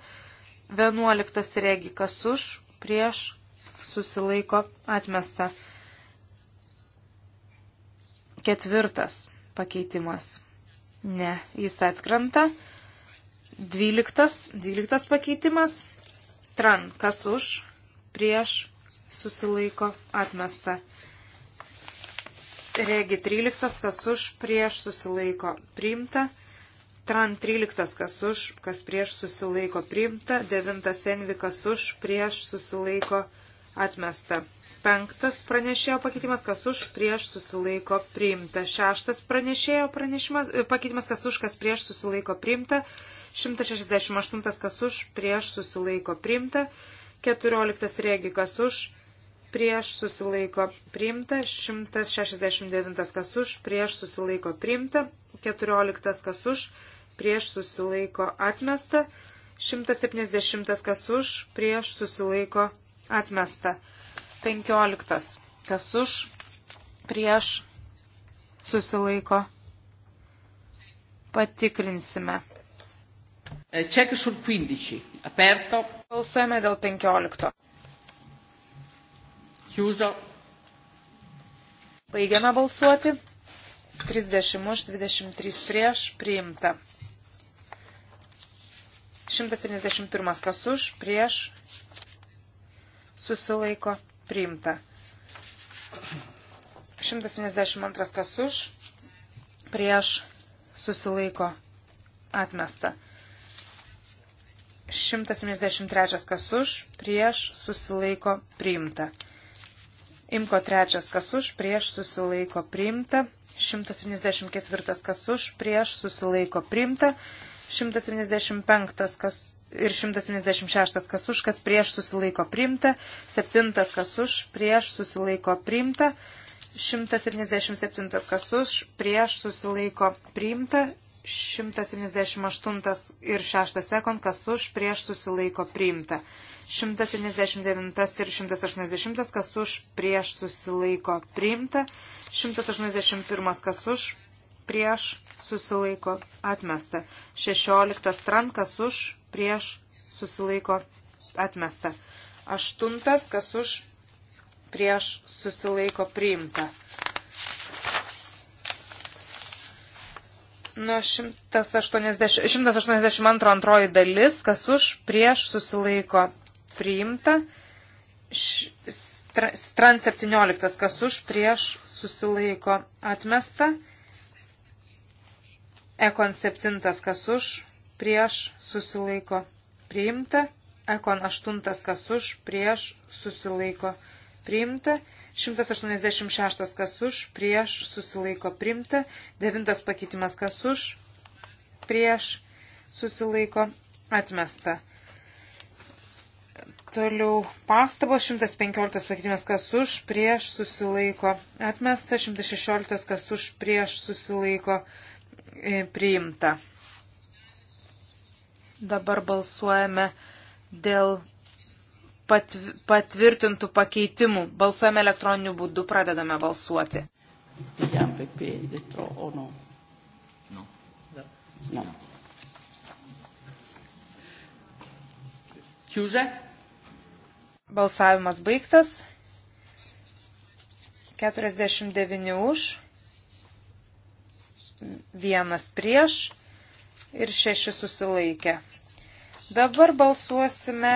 Vienuoliktas regikas už, prieš susilaiko atmesta. Ketvirtas pakeitimas. Ne, jis atkrenta. Dvyliktas, dvyliktas pakeitimas. Tran, kas už, prieš susilaiko atmesta. Regi 13, kas už, prieš susilaiko priimta. Tran 13, kas už, kas prieš susilaiko priimta. 9 Envi, kas už, prieš susilaiko atmesta. 5 pranešėjo pakeitimas, kas už, prieš susilaiko priimta. 6 pranešėjo e, pakeitimas, kas už, kas prieš susilaiko priimta. 168, kas už, prieš susilaiko priimta. 14 regi, kas už, prieš susilaiko priimta, 169 kas už, prieš susilaiko priimta, 14 kas už, prieš susilaiko atmesta, 170 kas už, prieš susilaiko atmesta, 15 kas už, prieš susilaiko patikrinsime. Čekis už 15. Aperto. Balsuojame dėl 15. Chiuso. Baigiame balsuoti. 30 už, 23 prieš, priimta. 171 kas už, prieš, susilaiko, priimta. 172 kas už, prieš, susilaiko, atmesta. 173 kas už, prieš, susilaiko, priimta. Imko trečias kas už, prieš susilaiko priimta. 174 kas už, prieš susilaiko priimta. 175 kas ir 176 kas už, kas prieš susilaiko priimta. 7 kas už, prieš susilaiko priimta. 177 kas už, prieš susilaiko priimta. 178 ir 6 sekund, kas už prieš susilaiko priimta. 179 ir 180, kas už prieš susilaiko priimta. 181, kas už prieš susilaiko atmesta. 16 tran, kas už prieš susilaiko atmesta. 8, kas už prieš susilaiko priimta. Nuo 180, 182 antroji dalis, kas už, prieš susilaiko priimta. Stran 17, kas už, prieš susilaiko atmesta. Ekon 7, kas už, prieš susilaiko priimta. Ekon 8, kas už, prieš susilaiko priimta. 186 kas už, prieš susilaiko primta. 9 pakeitimas kas už, prieš susilaiko atmesta. Toliau pastabos 115 pakeitimas kas už, prieš susilaiko atmesta. 116 kas už, prieš susilaiko e, priimta. Dabar balsuojame dėl patvirtintų pakeitimų. Balsuojame elektroniniu būdu, pradedame balsuoti. Kiužė. Balsavimas baigtas. 49 už, vienas prieš ir šeši susilaikė. Dabar balsuosime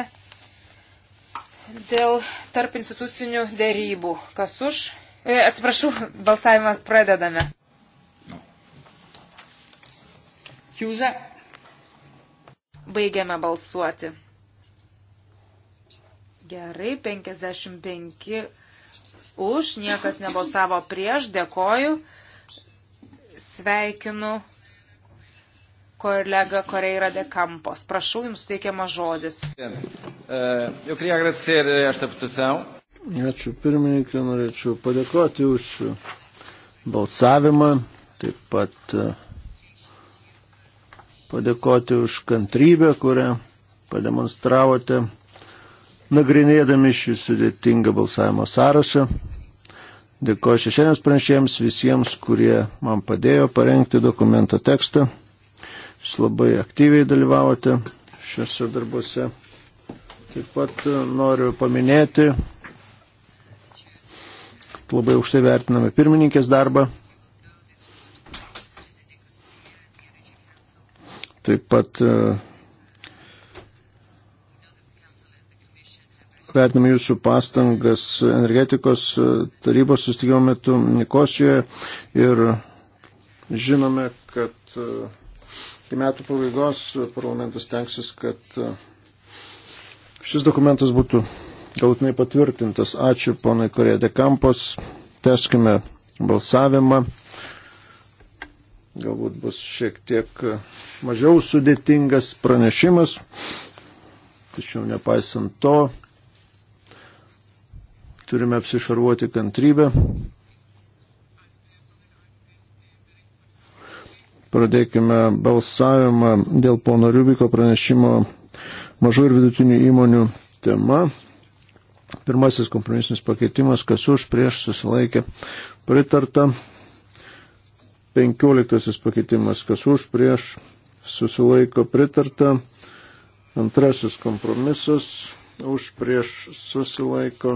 dėl tarp institucinių dėrybų. Kas už? E, atsiprašau, balsavimą pradedame. Chiusa. Baigiame balsuoti. Gerai, 55 už, niekas nebalsavo prieš, dėkoju. Sveikinu kolega Koreira de Campos. Prašau, jums suteikiamas žodis. Eh, eh, Ačiū pirmininkė, norėčiau padėkoti už balsavimą, taip pat eh, padėkoti už kantrybę, kurią pademonstravote, nagrinėdami šį sudėtingą balsavimo sąrašą. Dėkoju šešienės pranešėjams visiems, kurie man padėjo parengti dokumento tekstą. Jūs labai aktyviai dalyvavote šiuose darbuose. Taip pat e, noriu paminėti, labai aukštai vertiname pirmininkės darbą. Taip pat e, vertiname jūsų pastangas energetikos e, tarybos sustikimo metu Nikosijoje ir žinome, kad uh, Iki metų pabaigos parlamentas tenksis, kad e, šis dokumentas būtų galutinai patvirtintas. Ačiū ponai Korė de Kampos. Teskime balsavimą. Galbūt bus šiek tiek e, mažiau sudėtingas pranešimas. Tačiau nepaisant to, turime apsišarvuoti kantrybę. Pradėkime balsavimą dėl pono Riubiko pranešimo mažų ir vidutinių įmonių tema. Pirmasis kompromisinis pakeitimas, kas už prieš susilaikė, pritarta. Penkioliktasis pakeitimas, kas už prieš susilaiko, pritarta. Antrasis kompromisas, už prieš susilaiko,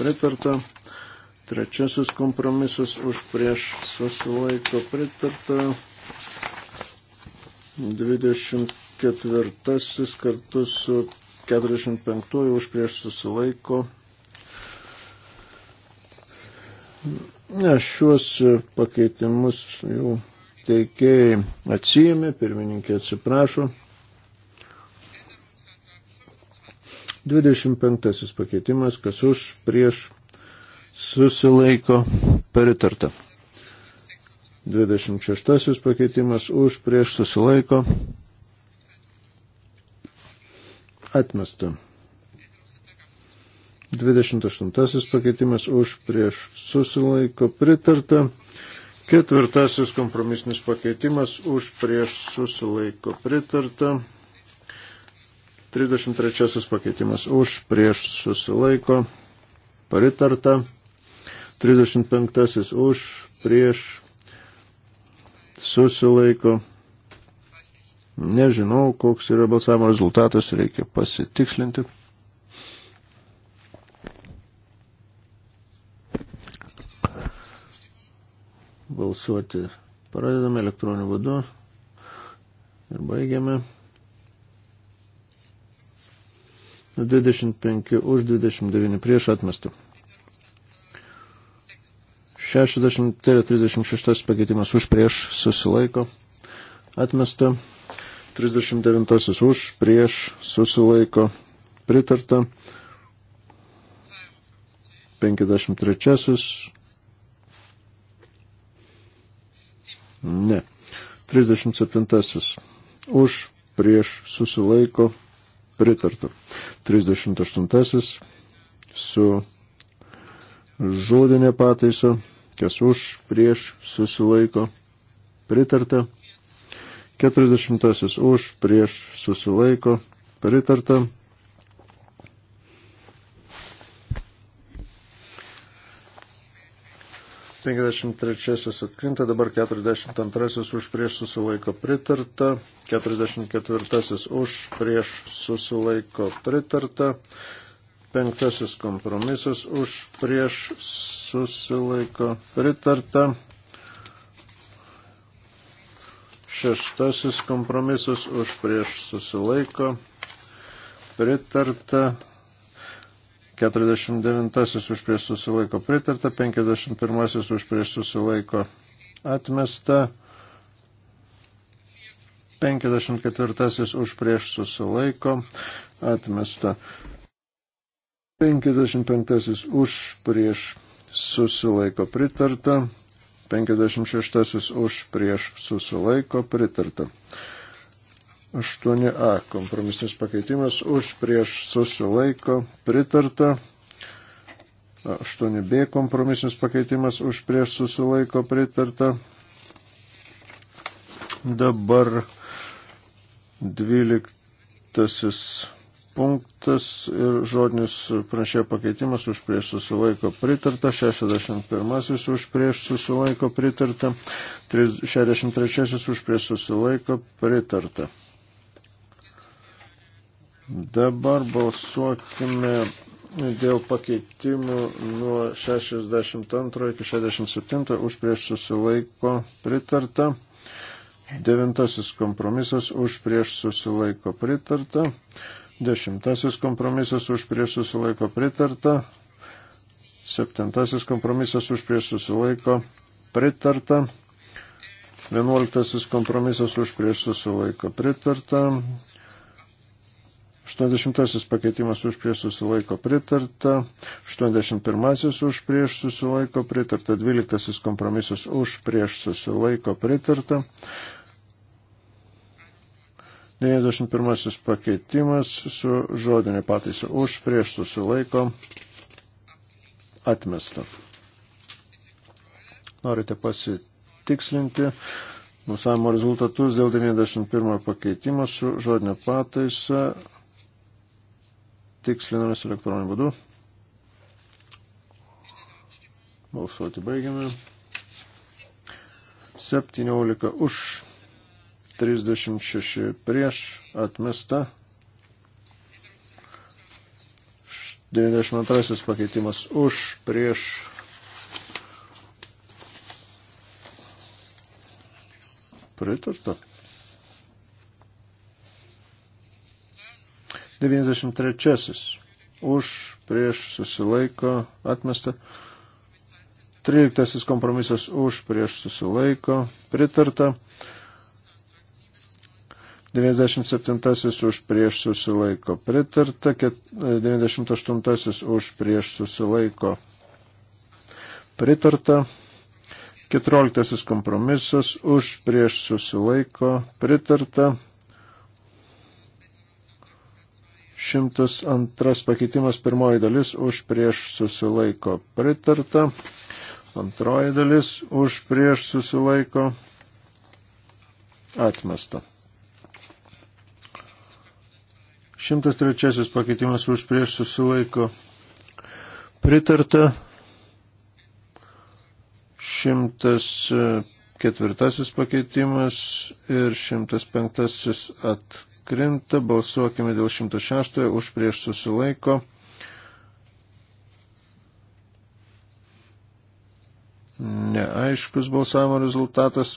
pritarta. Trečiasis kompromisas, už prieš susilaiko, pritarta. 24 kartu su 45 už prieš susilaiko. Ne, šiuos pakeitimus jau teikėjai atsijėmė, pirmininkė atsiprašo. 25 pakeitimas, kas už prieš susilaiko peritarta. 26 pakeitimas už prieš susilaiko atmesta. 28 pakeitimas už prieš susilaiko pritarta. Ketvirtasis kompromisinis pakeitimas už prieš susilaiko pritarta. 33 pakeitimas už prieš susilaiko pritarta. 35 už prieš susilaiko. Nežinau, koks yra balsavimo rezultatas, reikia pasitikslinti. Balsuoti pradedame elektroniniu būdu ir baigiame. 25 už 29 prieš atmestą. 60 ir 36 pakeitimas už prieš susilaiko atmesta. 39 už prieš susilaiko pritarta. 53. Ne. 37. Už prieš susilaiko pritarta. 38. Su žodinė pataisa kas už, prieš, susilaiko, pritarta. 40 už, prieš, susilaiko, pritarta. Penkiasdešimt trečiasis atkrinta, dabar keturiasdešimt antrasis už prieš susilaiko pritarta, keturiasdešimt ketvirtasis už prieš susilaiko pritarta, penktasis kompromisas už prieš susilaiko pritarta susilaiko pritarta. Šeštasis kompromisas už prieš susilaiko pritarta. 49 už prieš susilaiko pritarta, 51 už prieš susilaiko atmesta, 54 už prieš susilaiko atmesta, 55 už prieš susilaiko pritarta, 56 už prieš susilaiko pritarta. 8a kompromisinis pakeitimas už prieš susilaiko pritarta. 8b kompromisinis pakeitimas už prieš susilaiko pritarta. Dabar 12 punktas ir žodinis pranešėjo pakeitimas už prieš susilaiko pritarta, 61 už prieš susilaiko pritarta, 63 už prieš susilaiko pritarta. Dabar balsuokime dėl pakeitimų nuo 62 iki 67 už prieš susilaiko pritarta. Devintasis kompromisas už prieš susilaiko pritarta. Dešimtasis kompromisas už prieš susilaiko pritarta. Septintasis kompromisas už prieš susilaiko pritarta. Vienuoliktasis kompromisas už prieš susilaiko pritarta. Aštuoniasdešimtasis pakeitimas už prieš susilaiko pritarta. Aštuoniasdešimt pirmasis už prieš susilaiko pritarta. Dvyliktasis kompromisas už prieš susilaiko pritarta. 81 91 pakeitimas su žodinė pataisa už, prieš susilaiko, atmesta. Norite pasitikslinti nusavimo rezultatus dėl 91 pakeitimo su žodinė pataisa. Tikslinamės elektroniniu būdu. Balsuoti baigiame. 17 už. 36 prieš atmesta. 92 pakeitimas už prieš. Pritarta. 93 už prieš susilaiko atmesta. 13 kompromisas už prieš susilaiko pritarta. 97 už prieš susilaiko pritarta, 98 už prieš susilaiko pritarta, 14 kompromisas už prieš susilaiko pritarta, 102 pakeitimas pirmoji dalis už prieš susilaiko pritarta, antroji dalis už prieš susilaiko atmesta. 103 pakeitimas už prieš susilaiko pritarta. 104 pakeitimas ir 105 atkrinta. Balsuokime dėl 106 už prieš susilaiko. Neaiškus balsavimo rezultatas.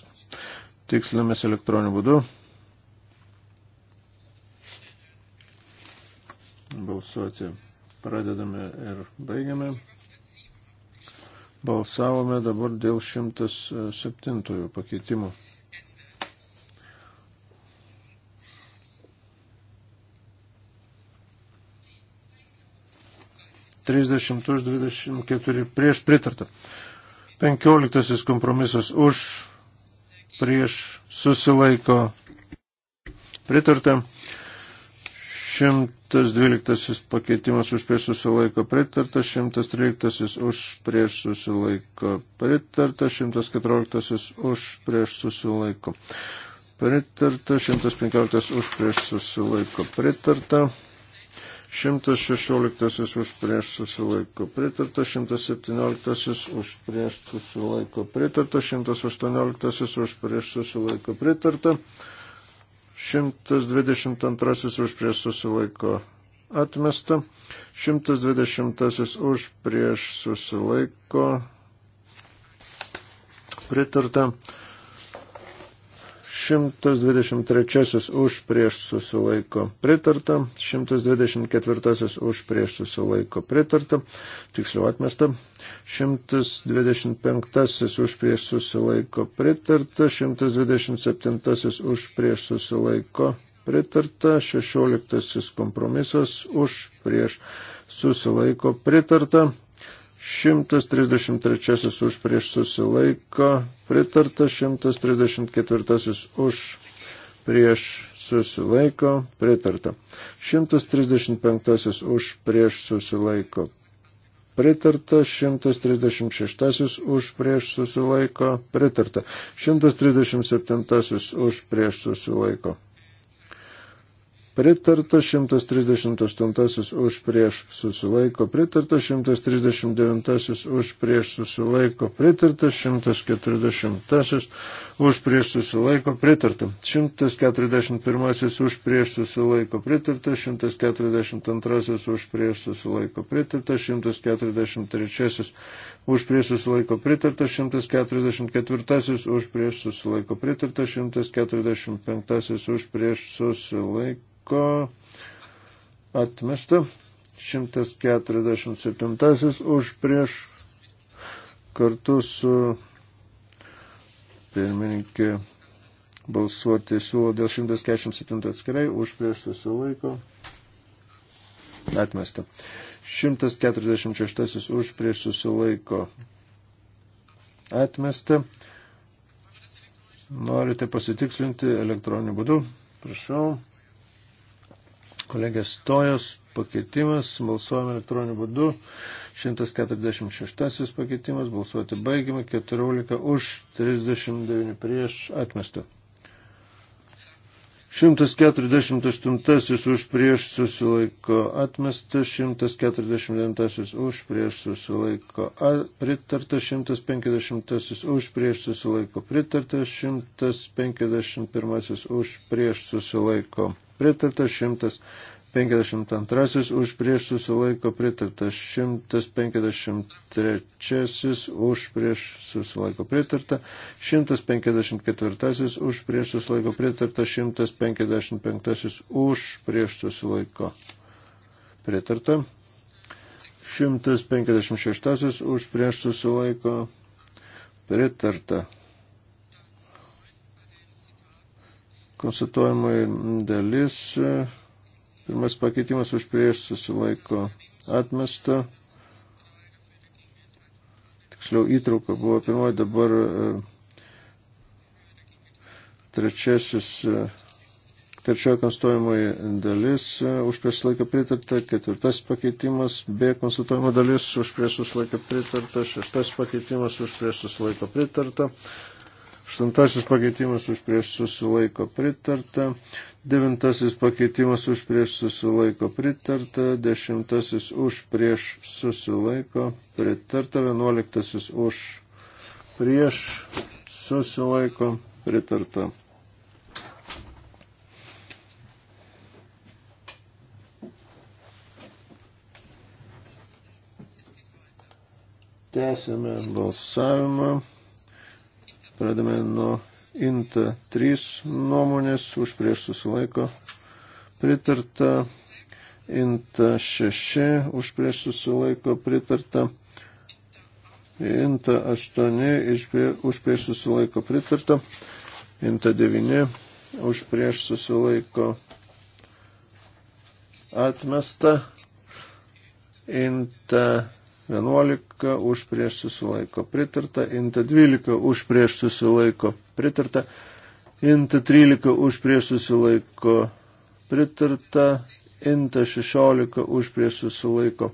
Tiksliamės elektroniniu būdu. balsuoti. Pradedame ir baigiame. Balsavome dabar dėl 107 pakeitimų. Trisdešimt už dvidešimt keturi prieš pritartą. Penkioliktasis kompromisas už prieš susilaiko pritartą. 112 pakeitimas už prieš susilaiko pritarta, 113 už prieš susilaiko pritarta, 114 už prieš susilaiko pritarta, 115 už prieš susilaiko pritarta. 116 už prieš susilaiko pritarta, 117 už prieš susilaiko pritarta, 118 už prieš susilaiko pritarta. 122 už prieš susilaiko atmesta, 120 už prieš susilaiko pritarta. 123 už prieš susilaiko pritarta, 124 už prieš susilaiko pritarta, tiksliau atmesta, 125 už prieš susilaiko pritarta, 127 už prieš susilaiko pritarta, 16 kompromisas už prieš susilaiko pritarta. 133 už prieš susilaiko, pritarta 134 už prieš susilaiko, pritarta 135 už prieš susilaiko, pritarta 136 už prieš susilaiko, pritarta 137 už prieš susilaiko, pritarta 138 už prieš susilaiko, pritarta 139 už prieš susilaiko, pritarta 140 už prieš susilaiko, pritarta 141 už prieš susilaiko, pritarta 142 už prieš susilaiko, pritarta 143 už prieš susilaiko, pritarta 144 už prieš susilaiko, pritarta 145 už prieš susilaiko susilaiko atmesta. 147 už prieš kartu su pirmininkė balsuoti siūlo dėl 147 atskirai, už prieš susilaiko atmesta. 146 už prieš susilaiko atmesta. Norite pasitikslinti elektroniniu būdu? Prašau kolegės Tojos pakeitimas, balsuojame elektroniniu būdu, 146 pakeitimas, balsuoti baigimą, 14 už, 39 prieš, atmesta. 148 už prieš susilaiko atmesta, 149 už prieš susilaiko pritarta, 150 už prieš susilaiko pritarta, 151 už prieš susilaiko pritarta pritarta, 152 už prieš susilaiko pritarta, 153 už prieš susilaiko pritarta, 154 už prieš susilaiko pritarta, 155 už prieš susilaiko pritarta. 156 už prieš susilaiko pritarta. konstatuojamai dalis. E, pirmas pakeitimas už prieš susilaiko atmesta. Tiksliau įtrauka buvo pirmoji, dabar e, trečiasis, e, trečioji konstatuojamoji dalis už prieš susilaiką pritarta, ketvirtas pakeitimas B konstatuojama dalis už prieš susilaiką pritarta, šeštas pakeitimas už prieš susilaiką pritarta. Aštuntasis pakeitimas už prieš susilaiko pritarta. Devintasis pakeitimas už prieš susilaiko pritarta. Dešimtasis už prieš susilaiko pritarta. Vienuoliktasis už prieš susilaiko pritarta. Tęsime balsavimą. Pradame nuo INTA 3 nuomonės, už prieš susilaiko pritarta. INTA 6 už prieš susilaiko pritarta. INTA 8 už prieš susilaiko pritarta. INTA 9 už prieš susilaiko atmesta. INTA 11 už prieš susilaiko pritarta, inta 12 už prieš susilaiko pritarta, inta 13 už prieš susilaiko pritarta, inta 16 už prieš susilaiko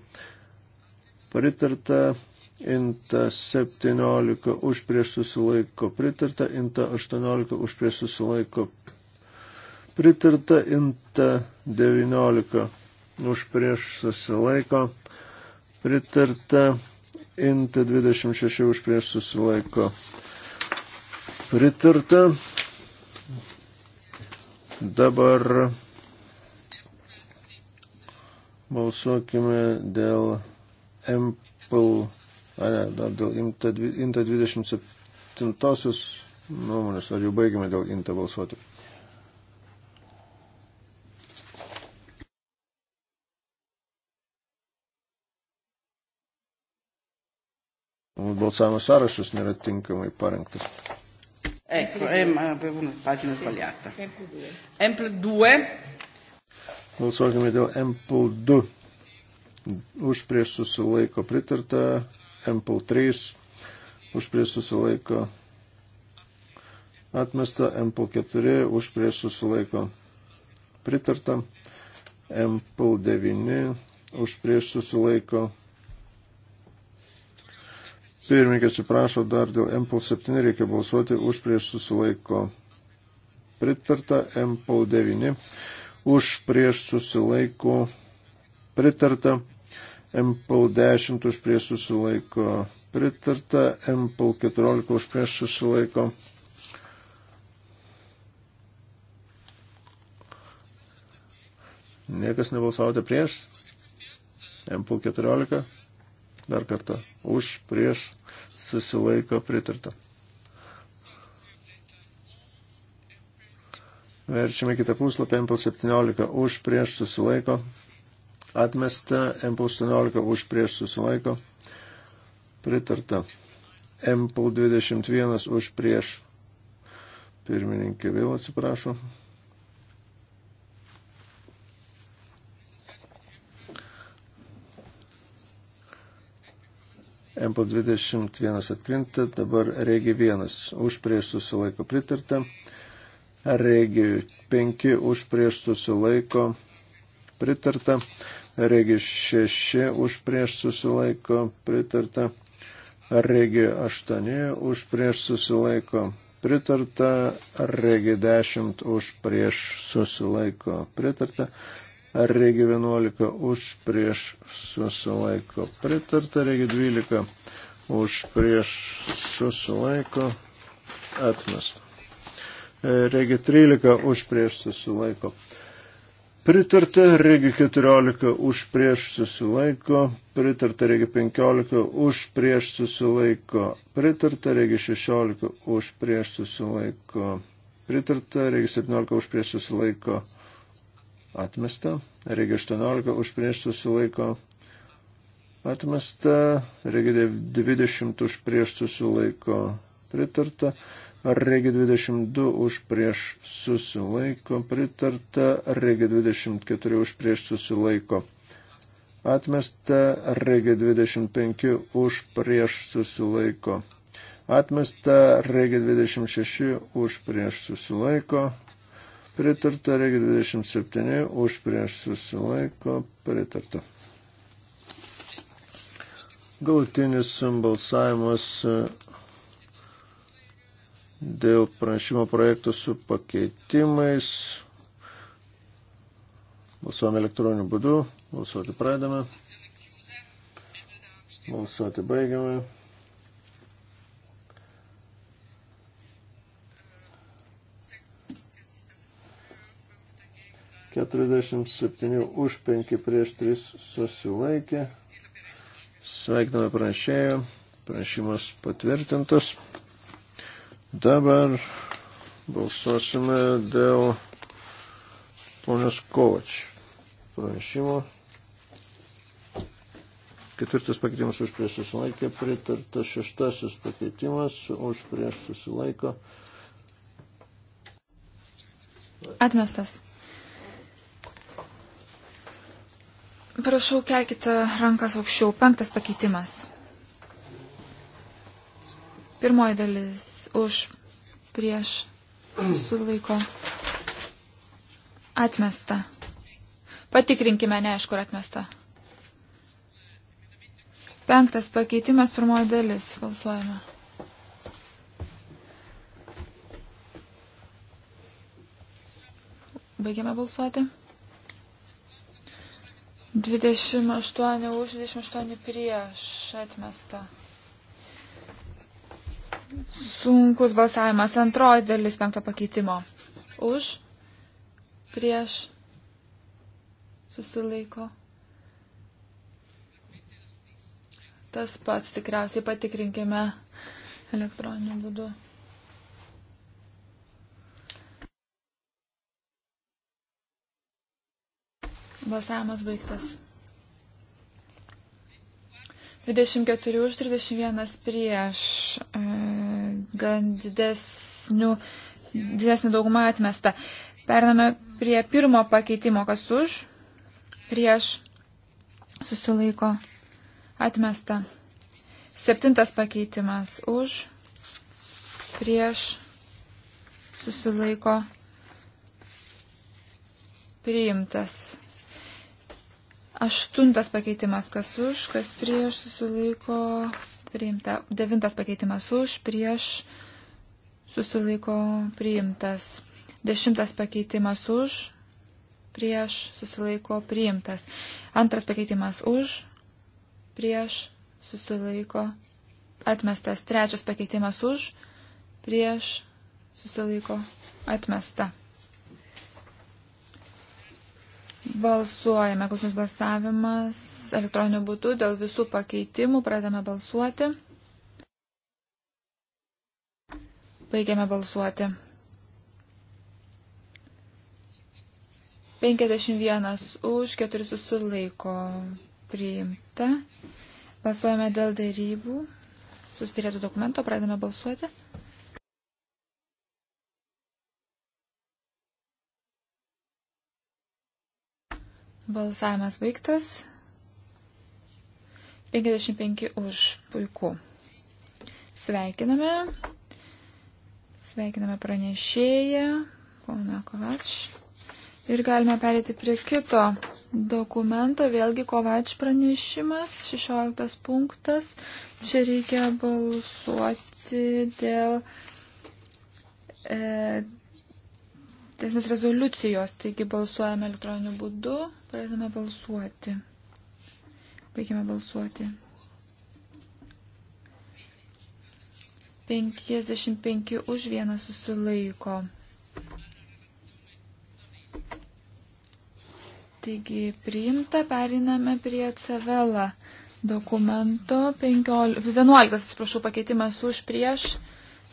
pritarta, inta 17 už prieš susilaiko pritarta, inta 18 už prieš susilaiko pritarta, inta 19 už prieš susilaiko pritarta pritarta, int 26 už prieš susilaiko pritarta. Dabar balsuokime dėl MPL, ar ne, dar dėl INTA 27 nuomonės, ar jau baigime dėl INTA balsuoti. balsavimo sąrašas nėra tinkamai parengtas. Ecco, eh, avevo una pagina sbagliata. Ample 2. Balsuokime dėl Ample 2. Už prieš susilaiko pritarta. Ample 3. Už prieš susilaiko atmesta. Ample 4. Už prieš susilaiko pritarta. Ample 9. Už prieš susilaiko pritarta. Pirmininkė atsiprašo, dar dėl MPL 7 reikia balsuoti už prieš susilaiko pritarta, MPL 9 už prieš susilaiko pritarta, MPL 10 už prieš susilaiko pritarta, MPL 14 už prieš susilaiko pritarta. Niekas nebalsavote prieš? MPL 14. Dar kartą. Už, prieš, susilaiko pritarta. Verčiame kitą puslapį, MP17 už, prieš, susilaiko. Atmesta, MP18 už, prieš, susilaiko. Pritarta. MP21 už, prieš. Pirmininkė vėl atsiprašo. MPL 21 atkrinta, dabar regi 1 už prieš susilaiko pritarta, regi 5 už prieš susilaiko pritarta, regi 6 už prieš susilaiko pritarta, regi 8 už prieš susilaiko pritarta, regi 10 už prieš susilaiko pritarta, Regi 11 už prieš susilaiko pritarta, Regi 12 už prieš susilaiko atmesta. E, regi 13 už prieš susilaiko. Pritarta regi 14 už prieš susilaiko, pritarta regi 15 už prieš susilaiko, pritarta regi 16 už prieš susilaiko, pritarta regi 17 už prieš susilaiko, atmesta, regi 18 už prieš susilaiko atmesta, regi 20 už prieš susilaiko pritarta, regi 22 už prieš susilaiko pritarta, regi 24 už prieš susilaiko atmesta, regi 25 už prieš susilaiko atmesta, regi 26 už prieš susilaiko pritarta, regi 27, už prieš susilaiko pritarta. Gautinis balsavimas e, dėl pranešimo projektų su pakeitimais. Balsuojame elektroniniu būdu. Balsuoti pradame. Balsuoti baigiame. 47 už 5 prieš 3 susilaikė. Sveikiname pranešėjo. Pranešimas patvirtintas. Dabar balsuosime dėl ponios Kovač pranešimo. Ketvirtas pakeitimas už prieš susilaikę pritartas, šeštasis pakeitimas už prieš susilaiko. Atmestas. Prašau, kelkite rankas aukščiau. Penktas pakeitimas. Pirmoji dalis. Už, prieš, sulaiko. Atmesta. Patikrinkime, neaišku, ar atmesta. Penktas pakeitimas, pirmoji dalis. Balsuojame. Baigiame balsuoti. 28 už, 28 prieš atmesta. Sunkus balsavimas. Antroji dalis penkto pakeitimo. Už, prieš, susilaiko. Tas pats tikriausiai patikrinkime elektroniniu būdu. Balsavimas baigtas. 24 už 31 prieš e, gan didesnių, didesnį daugumą atmesta. Pername prie pirmo pakeitimo, kas už, prieš susilaiko atmesta. Septintas pakeitimas už, prieš susilaiko priimtas. Aštuntas pakeitimas, kas už, kas prieš, susilaiko, priimta. Devintas pakeitimas už, prieš, susilaiko, priimtas. Dešimtas pakeitimas už, prieš, susilaiko, priimtas. Antras pakeitimas už, prieš, susilaiko, atmestas. Trečias pakeitimas už, prieš, susilaiko, atmesta. Balsuojame, galutinis balsavimas elektroniniu būdu dėl visų pakeitimų. Pradame balsuoti. Baigiame balsuoti. 51 už, 4 susilaiko priimta. Balsuojame dėl darybų. Sustirėtų dokumento, pradame balsuoti. Balsavimas baigtas. 55 už puiku. Sveikiname. Sveikiname pranešėją, poną Kovač. Ir galime perėti prie kito dokumento. Vėlgi Kovač pranešimas, 16 punktas. Čia reikia balsuoti dėl. E, teisinės rezoliucijos. Taigi balsuojame elektroniniu būdu, pradedame balsuoti. Baigiame balsuoti. 55 už vieną susilaiko. Taigi priimta, periname prie CVL dokumento. 15, 11, atsiprašau, pakeitimas už prieš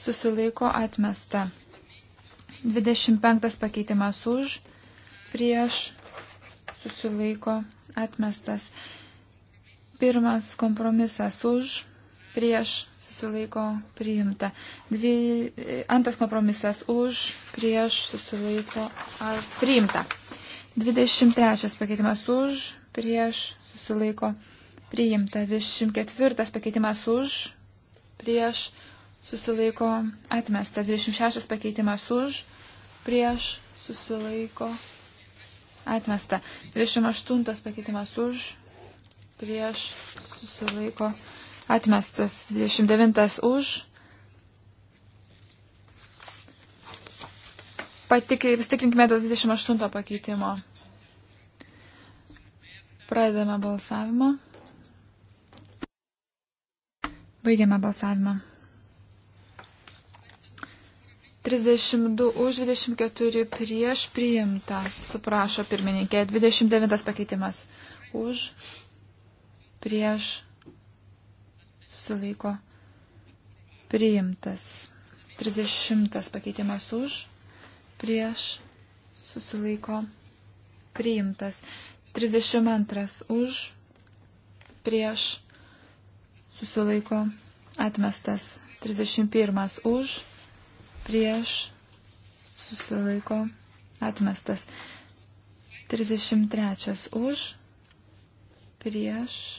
susilaiko atmesta. 25 pakeitimas už, prieš, susilaiko, atmestas. Pirmas kompromisas už, prieš, susilaiko, priimta. Dvi, antras kompromisas už, prieš, susilaiko, ar, priimta. 23 pakeitimas už, prieš, susilaiko, priimta. 24 pakeitimas už, prieš, susilaiko susilaiko atmesta. 26 pakeitimas už, prieš susilaiko atmesta. 28 pakeitimas už, prieš susilaiko atmestas. 29 už. Pasitikrinkime dėl 28 pakeitimo. Pradedame balsavimą. Baigiame balsavimą. 32 už 24 prieš priimta. Suprašo pirmininkė. 29 pakeitimas. Už prieš susilaiko priimtas. 30 pakeitimas už prieš susilaiko priimtas. 32 už prieš susilaiko atmestas. 31 už prieš susilaiko atmestas. 33 už prieš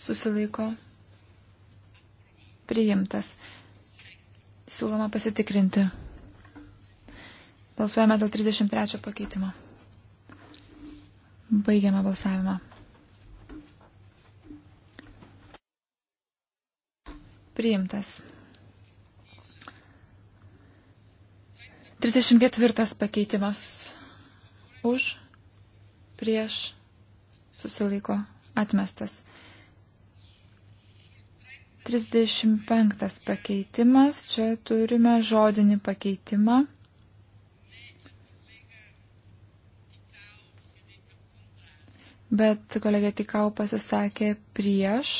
susilaiko priimtas. Siūloma pasitikrinti. Balsuojame dėl 33 pakeitimo. Baigiame balsavimą. Priimtas. 34 pakeitimas už, prieš, susilaiko, atmestas. 35 pakeitimas, čia turime žodinį pakeitimą. Bet kolegė Tikau pasisakė prieš,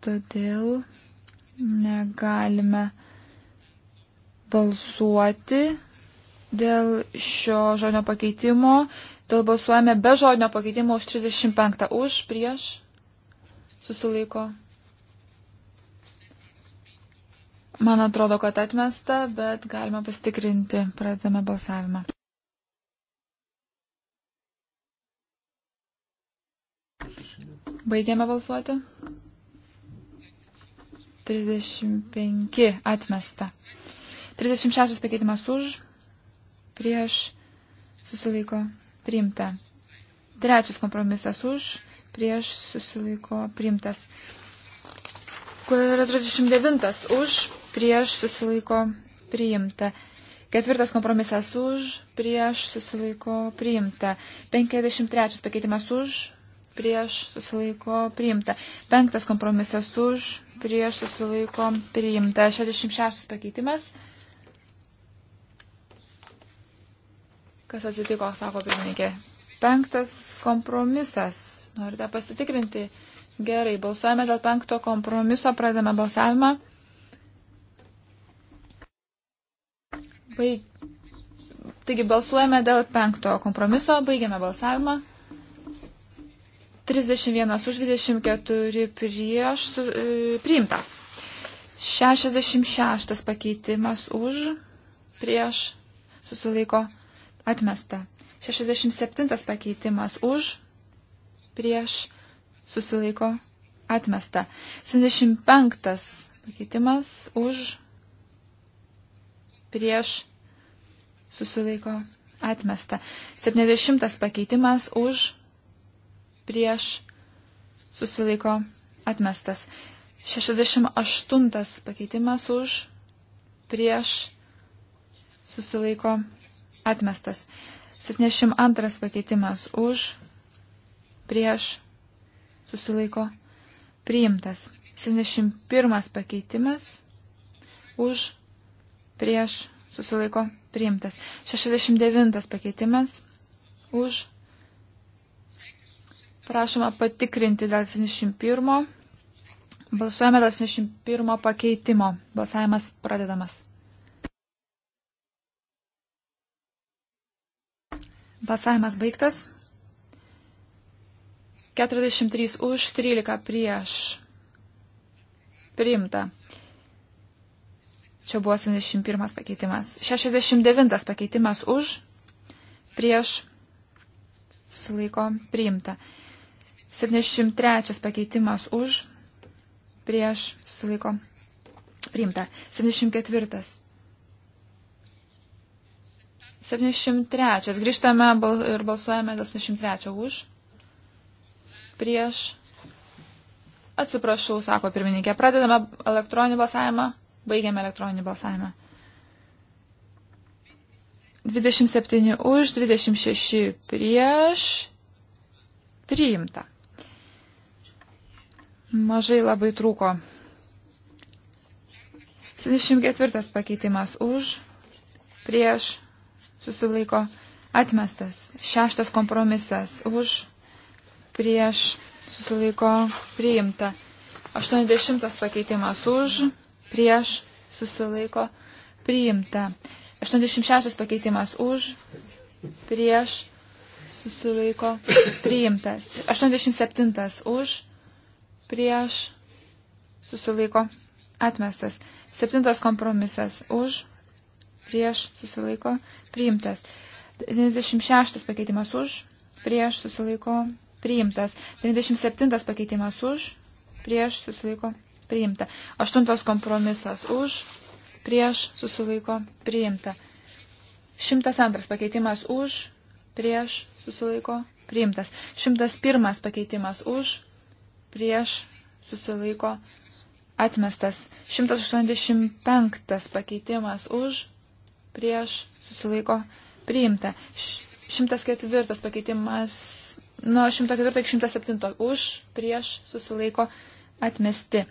todėl negalime balsuoti dėl šio žodžio pakeitimo. Dėl balsuojame be žodžio pakeitimo už 35. Už, prieš, susilaiko. Man atrodo, kad atmesta, bet galime pasitikrinti. Pradedame balsavimą. Baigėme balsuoti. 35 atmesta. 36 pakeitimas už, prieš, susilaiko, priimta. Trečias kompromisas už, prieš, susilaiko, priimtas. 39 už, prieš, susilaiko, priimta. Ketvirtas kompromisas už, prieš, susilaiko, priimta. 53 pakeitimas už, prieš, susilaiko, priimta. Penktas kompromisas už, prieš, susilaiko, priimta. 66 pakeitimas Kas atsitiko, sako pirmininkė. Penktas kompromisas. Norite pasitikrinti? Gerai, balsuojame dėl penkto kompromiso, pradame balsavimą. Baig... Taigi balsuojame dėl penkto kompromiso, baigiame balsavimą. 31 už 24 prieš su, e, priimta. 66 pakeitimas už prieš susilaiko Atmesta. 67 pakeitimas už, prieš, susilaiko, atmesta. 75 pakeitimas už, prieš, susilaiko, atmesta. 70 pakeitimas už, prieš, susilaiko, atmestas. 68 pakeitimas už, prieš, susilaiko, atmestas Atmestas. 72 pakeitimas už, prieš, susilaiko, priimtas. 71 pakeitimas už, prieš, susilaiko, priimtas. 69 pakeitimas už. Prašoma patikrinti dėl 71. Balsuojame dėl 71 pakeitimo. Balsavimas pradedamas. Balsavimas baigtas. 43 už, 13 prieš. Priimta. Čia buvo 71 pakeitimas. 69 pakeitimas už, prieš, sulaiko, priimta. 73 pakeitimas už, prieš, sulaiko, priimta. 74 73. Grįžtame bal ir balsuojame dėl 73 už. Prieš. Atsiprašau, sako pirmininkė. Pradedame elektroninį balsavimą. Baigiame elektroninį balsavimą. 27 už, 26 prieš. Priimta. Mažai labai trūko. 74 pakeitimas už, prieš susilaiko atmestas. Šeštas kompromisas už prieš susilaiko priimta. 80 pakeitimas už prieš susilaiko priimta. 86 pakeitimas už prieš susilaiko priimtas. 87 už prieš susilaiko atmestas. Septintas kompromisas už prieš susilaiko priimtas. 96 pakeitimas už, prieš susilaiko priimtas. 97 pakeitimas už, prieš susilaiko priimta. 8 kompromisas už, prieš susilaiko priimta. 102 pakeitimas už, prieš susilaiko priimtas. 101 pakeitimas už, prieš susilaiko priimtas atmestas 185 pakeitimas už, prieš susilaiko priimta. 104 pakeitimas, nuo 104 iki 107 už, prieš susilaiko atmesti.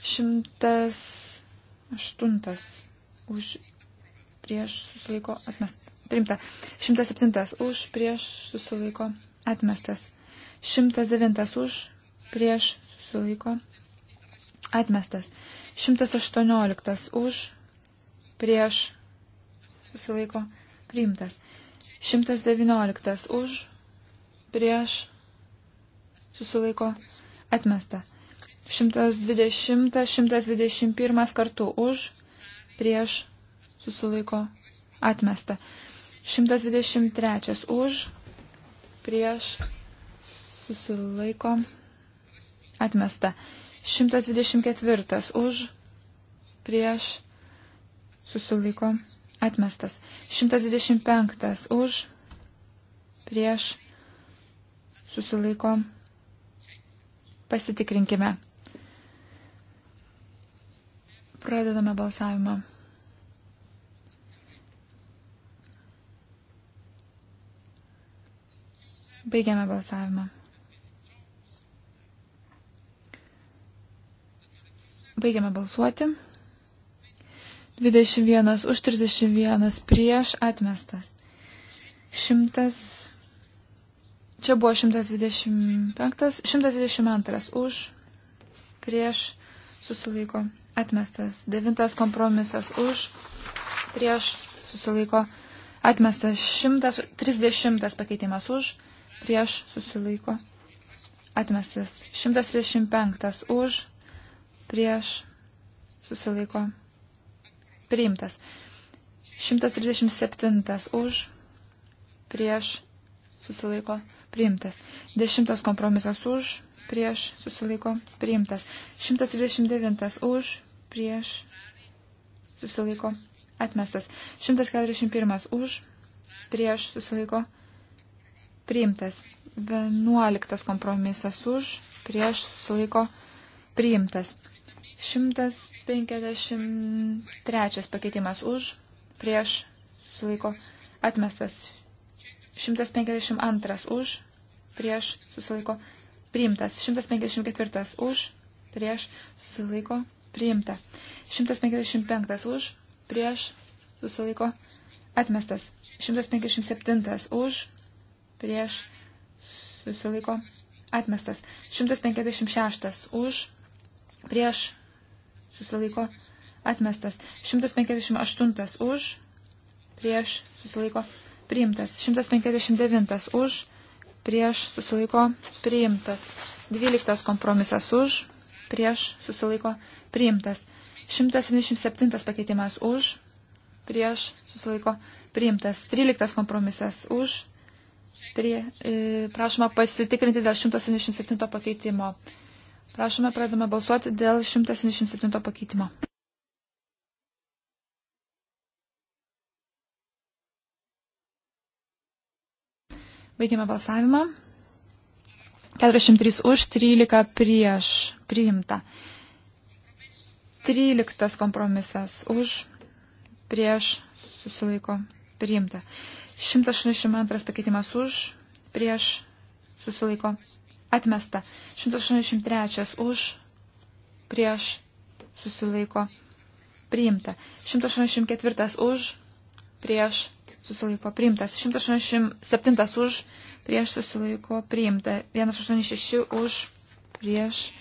108 už, prieš susilaiko atmesti. Priimta. 107 už, prieš susilaiko atmestas. 109 už, prieš susilaiko atmestas. 118 už, prieš susilaiko priimtas. 119 už, prieš, susilaiko atmesta. 120, 121 kartų už, prieš, susilaiko atmesta. 123 už, prieš, susilaiko atmesta. 124 už, prieš, susilaiko atmesta Atmestas. 125 už, prieš, susilaiko. Pasitikrinkime. Pradedame balsavimą. Baigiame balsavimą. Baigiame balsuoti. 21 už 31 prieš atmestas. 100. Čia buvo 125, 122 už prieš susilaiko atmestas. 9 kompromisas už prieš susilaiko atmestas. 130 pakeitimas už prieš susilaiko atmestas. 135 už prieš susilaiko atmestas priimtas. 137 už, prieš, susilaiko, priimtas. 10 kompromisas už, prieš, susilaiko, priimtas. 139 už, prieš, susilaiko, atmestas. 141 už, prieš, susilaiko, priimtas. 11 kompromisas už, prieš, susilaiko, priimtas. 153 pakeitimas už, prieš, susilaiko, atmestas. 152 už, prieš, susilaiko, priimtas. 154 už, prieš, susilaiko, priimta. 155 už, prieš, susilaiko, atmestas. 157 už, prieš, susilaiko, atmestas. 156 už, prieš, susilaiko atmestas. 158 už, prieš susilaiko priimtas. 159 už, prieš susilaiko priimtas. 12 kompromisas už, prieš susilaiko priimtas. 177 pakeitimas už, prieš susilaiko priimtas. 13 kompromisas už, prie, e, prašoma pasitikrinti dėl 177 pakeitimo. Prašome, pradame balsuoti dėl 177 pakeitimo. Baigiame balsavimą. 43 už, 13 prieš. Priimta. 13 kompromisas už, prieš, susilaiko. Priimta. 182 pakeitimas už, prieš, susilaiko. Atmesta. 183 už, prieš, susilaiko, priimta. 184 už, prieš, susilaiko, priimtas. 187 už, prieš, susilaiko, priimta. 186 už, prieš,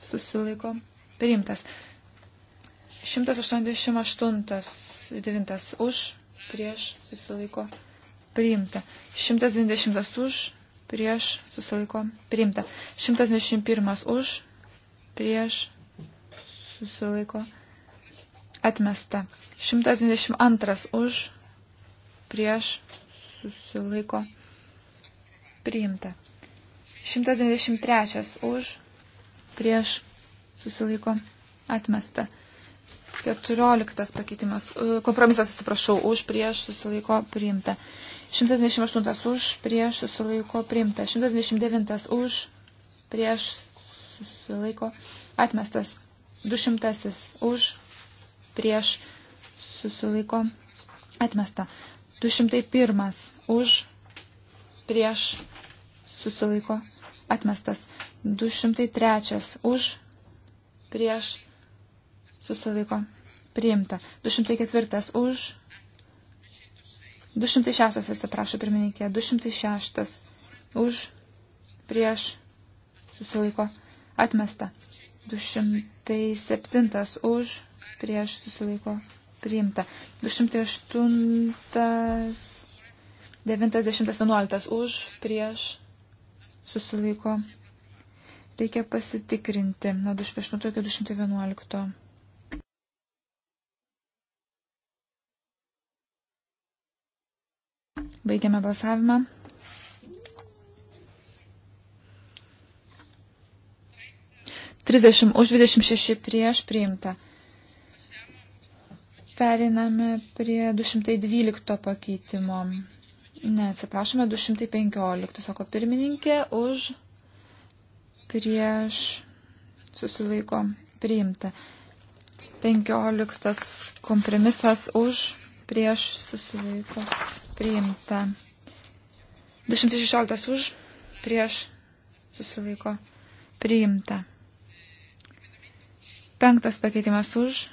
susilaiko, priimtas. 188 9 už, prieš, susilaiko, priimta. 120 už, prieš susilaiko priimta. 121 už, prieš susilaiko atmesta. 122 už, prieš susilaiko priimta. 123 už, prieš susilaiko atmesta. 14 pakeitimas, kompromisas atsiprašau, už, prieš susilaiko priimta. 128 už, prieš susilaiko priimta. 129 už, prieš susilaiko atmestas. 200 už, prieš susilaiko atmesta. 201 už, prieš susilaiko atmestas. 203 už, prieš susilaiko priimta. 204 už, 206 atsiprašo pirmininkė, 206 už, prieš, susilaiko, atmesta. 207 už, prieš, susilaiko, priimta. 208, 90, 11 už, prieš, susilaiko. Reikia pasitikrinti nuo 208 iki 211. Baigiame balsavimą. Trisdešimt už, dvidešimt šeši prieš priimta. Periname prie 212 pakeitimo. Ne, atsiprašome, 215, sako pirmininkė, už prieš susilaiko priimta. 15 kompromisas už prieš susilaiko priimta. 216 už, prieš susilaiko priimta. Penktas pakeitimas už,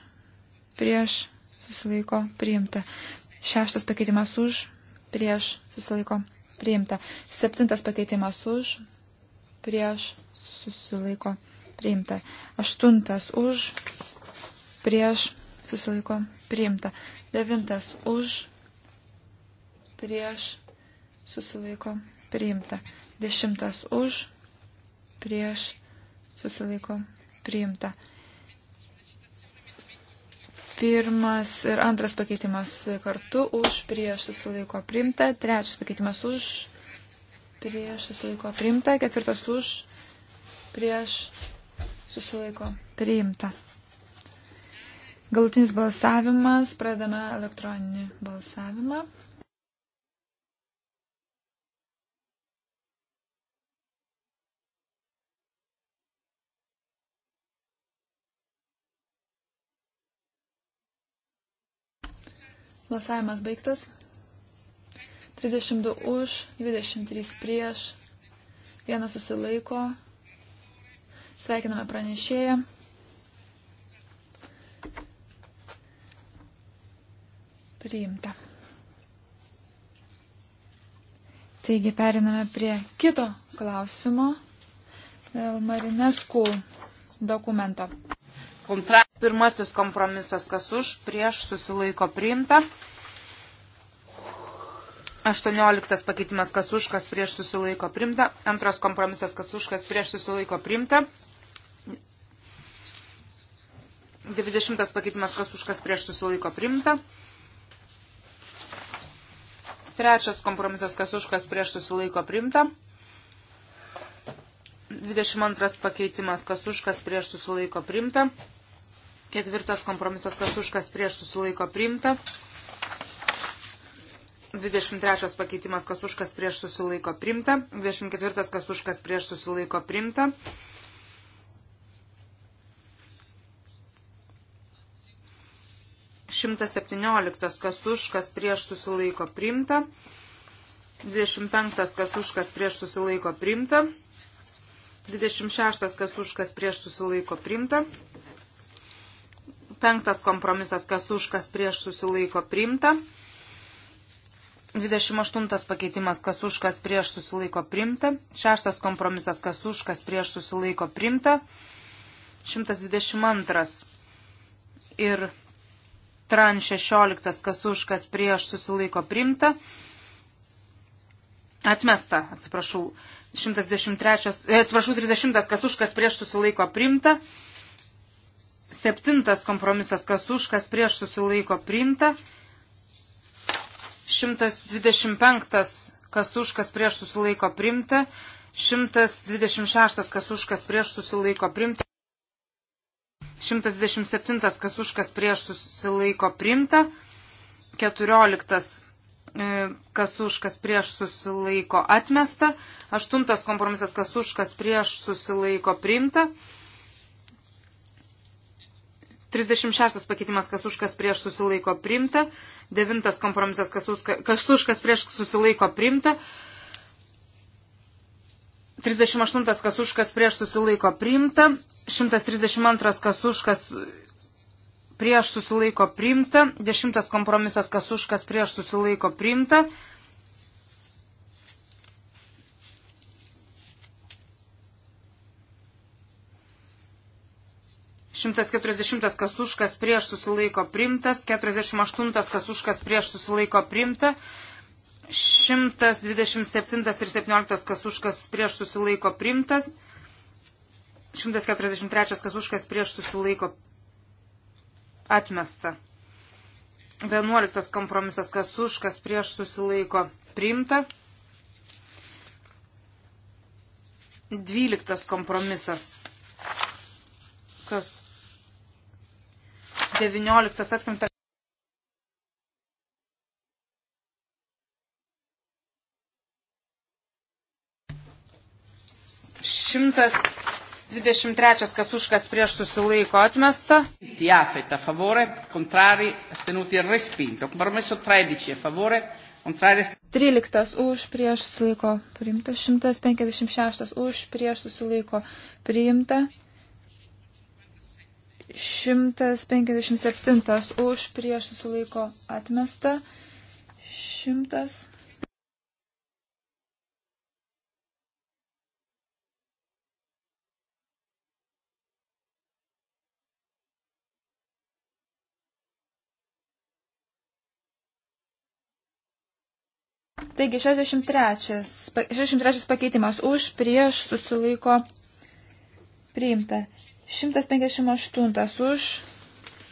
prieš susilaiko priimta. Šeštas pakeitimas už, prieš susilaiko priimta. Septintas pakeitimas už, prieš susilaiko priimta. Aštuntas už, prieš susilaiko priimta. Devintas už, prieš susilaiko priimta. Dešimtas už prieš susilaiko priimta. Pirmas ir antras pakeitimas kartu už prieš susilaiko priimta. Trečias pakeitimas už prieš susilaiko priimta. Ketvirtas už prieš susilaiko priimta. Galutinis balsavimas, pradame elektroninį balsavimą. Balsavimas baigtas. 32 už, 23 prieš, vienas susilaiko. Sveikiname pranešėją. Priimta. Taigi periname prie kito klausimo dėl Marinesku dokumento. Kontra Pirmasis kompromisas, kas už, prieš susilaiko priimta. 18 pakeitimas, kas už, kas prieš susilaiko priimta. Antras kompromisas, kas už, kas prieš susilaiko priimta. 20 pakeitimas, kas už, kas prieš susilaiko priimta. Trečias kompromisas, kas už, kas prieš susilaiko priimta. 22 pakeitimas, kas už, kas prieš susilaiko priimta. Ketvirtas kompromisas, kas už, kas prieš susilaiko priimta. 23 pakeitimas, kas už, kas prieš susilaiko priimta. 24 kas už, kas prieš susilaiko priimta. Šimtas septynioliktas, kas už, kas prieš susilaiko priimta. 25 kas už, kas prieš susilaiko priimta. 26 kas už, kas prieš susilaiko priimta. Penktas kompromisas, kas už, kas prieš susilaiko priimta. 28 pakeitimas, kas už, kas prieš susilaiko priimta. Šeštas kompromisas, kas už, kas prieš susilaiko priimta. 122 ir tran 16, kas už, kas prieš susilaiko priimta. Atmesta, atsiprašau. 113, e, atsiprašau, 30, kas už, kas prieš susilaiko priimta. Septintas kompromisas, kas už, kas prieš susilaiko priimta. 125, kas už, kas prieš susilaiko priimta. 126, kas už, kas prieš susilaiko priimta. 127, kas už, kas prieš susilaiko priimta. 14, e, kas už, kas prieš susilaiko atmesta. 8 kompromisas, kas už, kas prieš susilaiko priimta. 36 pakeitimas, kas už kas prieš susilaiko primta. 9 kompromisas, kas už kas prieš susilaiko primta. 38 kas už kas prieš susilaiko primta. 132 kas už kas prieš susilaiko primta. 10 kompromisas, kas už kas prieš susilaiko primta. 140 kasuškas prieš susilaiko primtas, 48 kasuškas prieš susilaiko primta, 127 ir 17 kasuškas prieš susilaiko primtas, 143 kasuškas prieš susilaiko atmesta. 11 kompromisas kasuškas prieš susilaiko primta. 12 kompromisas kas 19 atkrenta. Šimtas 23 kasuškas prieš susilaiko atmesta. Tiafeta favore, contrari, astenuti e respinto. Compromesso 13 favore, contrari. 13 e už prieš susilaiko priimta, 156 už prieš susilaiko priimta, 157 už prieš susilaiko atmesta. 100. Taigi 63, 63 pakeitimas už prieš susilaiko priimta. 158 už,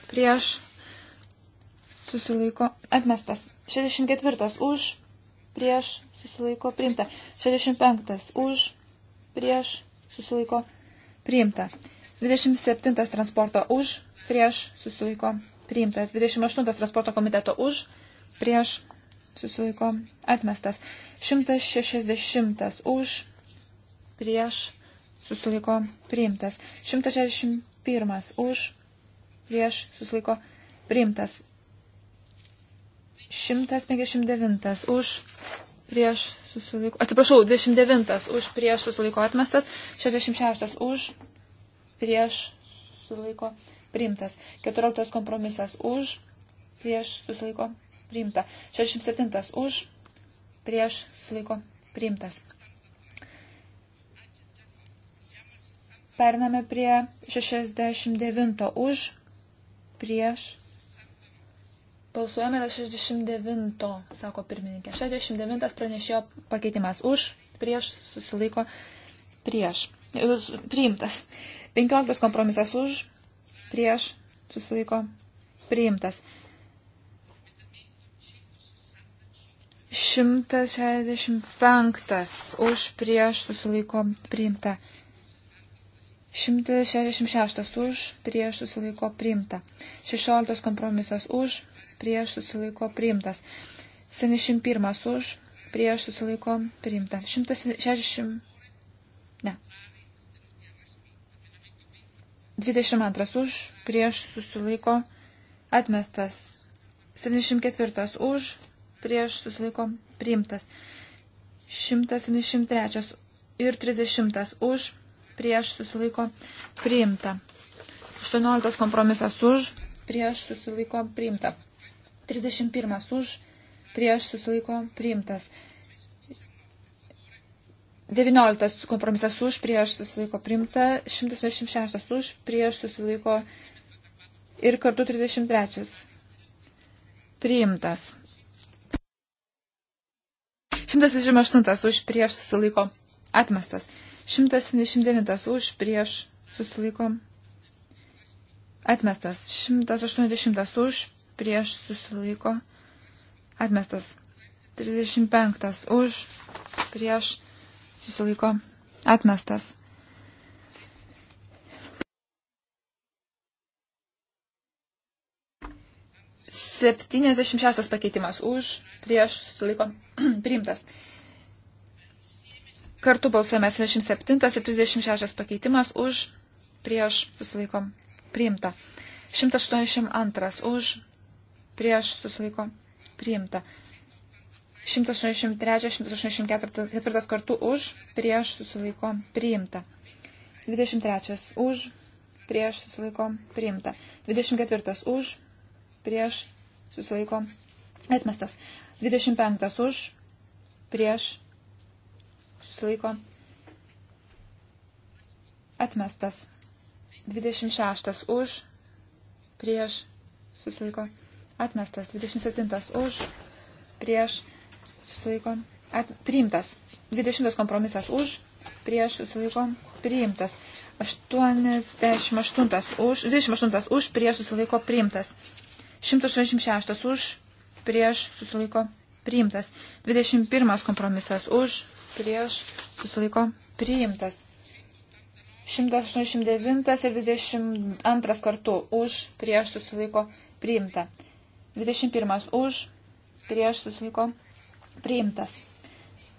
prieš, susilaiko, atmestas. 64 už, prieš, susilaiko, priimta. 65 už, prieš, susilaiko, priimta. 27 transporto už, prieš, susilaiko, priimtas. 28 transporto komiteto už, prieš, susilaiko, atmestas. 160 už, prieš, susilaiko priimtas. 161 už, prieš susilaiko priimtas. 159 už, prieš susilaiko. Atsiprašau, 29 už, prieš susilaiko atmestas. 66 už, prieš susilaiko priimtas. 14 kompromisas už, prieš susilaiko priimta. 67 už, prieš susilaiko priimtas. Periname prie 69 už, prieš. Balsuojame dėl 69, sako pirmininkė. 69 pranešėjo pakeitimas už, prieš, susilaiko, prieš. Priimtas. 15 kompromisas už, prieš, susilaiko, priimtas. 165 už prieš susilaiko priimta. 166 už, prieš susilaiko priimta. 16 kompromisas už, prieš susilaiko priimtas. 71 už, prieš susilaiko priimta. 160. Ne. 22 už, prieš susilaiko atmestas. 74 už, prieš susilaiko priimtas. 173 ir 30 už, prieš susilaiko priimta. 18 kompromisas už, prieš susilaiko priimta. 31 už, prieš susilaiko priimtas. 19 kompromisas už, prieš susilaiko priimta. 126 už, prieš susilaiko ir kartu 33 priimtas. 128 už prieš susilaiko atmestas. 179 už prieš susilaikom. Atmestas. 180 už prieš susilaiko. Atmestas. 35 už prieš susilaiko. Atmestas. Septyniasdešimt šeštas pakeitimas už prieš susilaiko priimtas. Kartu balsuojame 77 ir 36 pakeitimas už prieš susilaikom priimta. 182 už prieš susilaikom priimta. 183, 184 kartų už prieš susilaikom priimta. 23 už prieš susilaikom priimta. 24 už prieš susilaikom atmestas. 25 už prieš susilaiko atmestas. 26 už, prieš, susilaiko atmestas. 27 už, prieš, susilaiko at, priimtas. 20 kompromisas už, prieš, susilaiko priimtas. 88 už, 28 už, prieš, susilaiko priimtas. 186 už, prieš, susilaiko priimtas. 21 kompromisas už, prieš susilaiko priimtas. 189 ir 22 kartu už prieš susilaiko priimta. 21 už prieš susilaiko priimtas.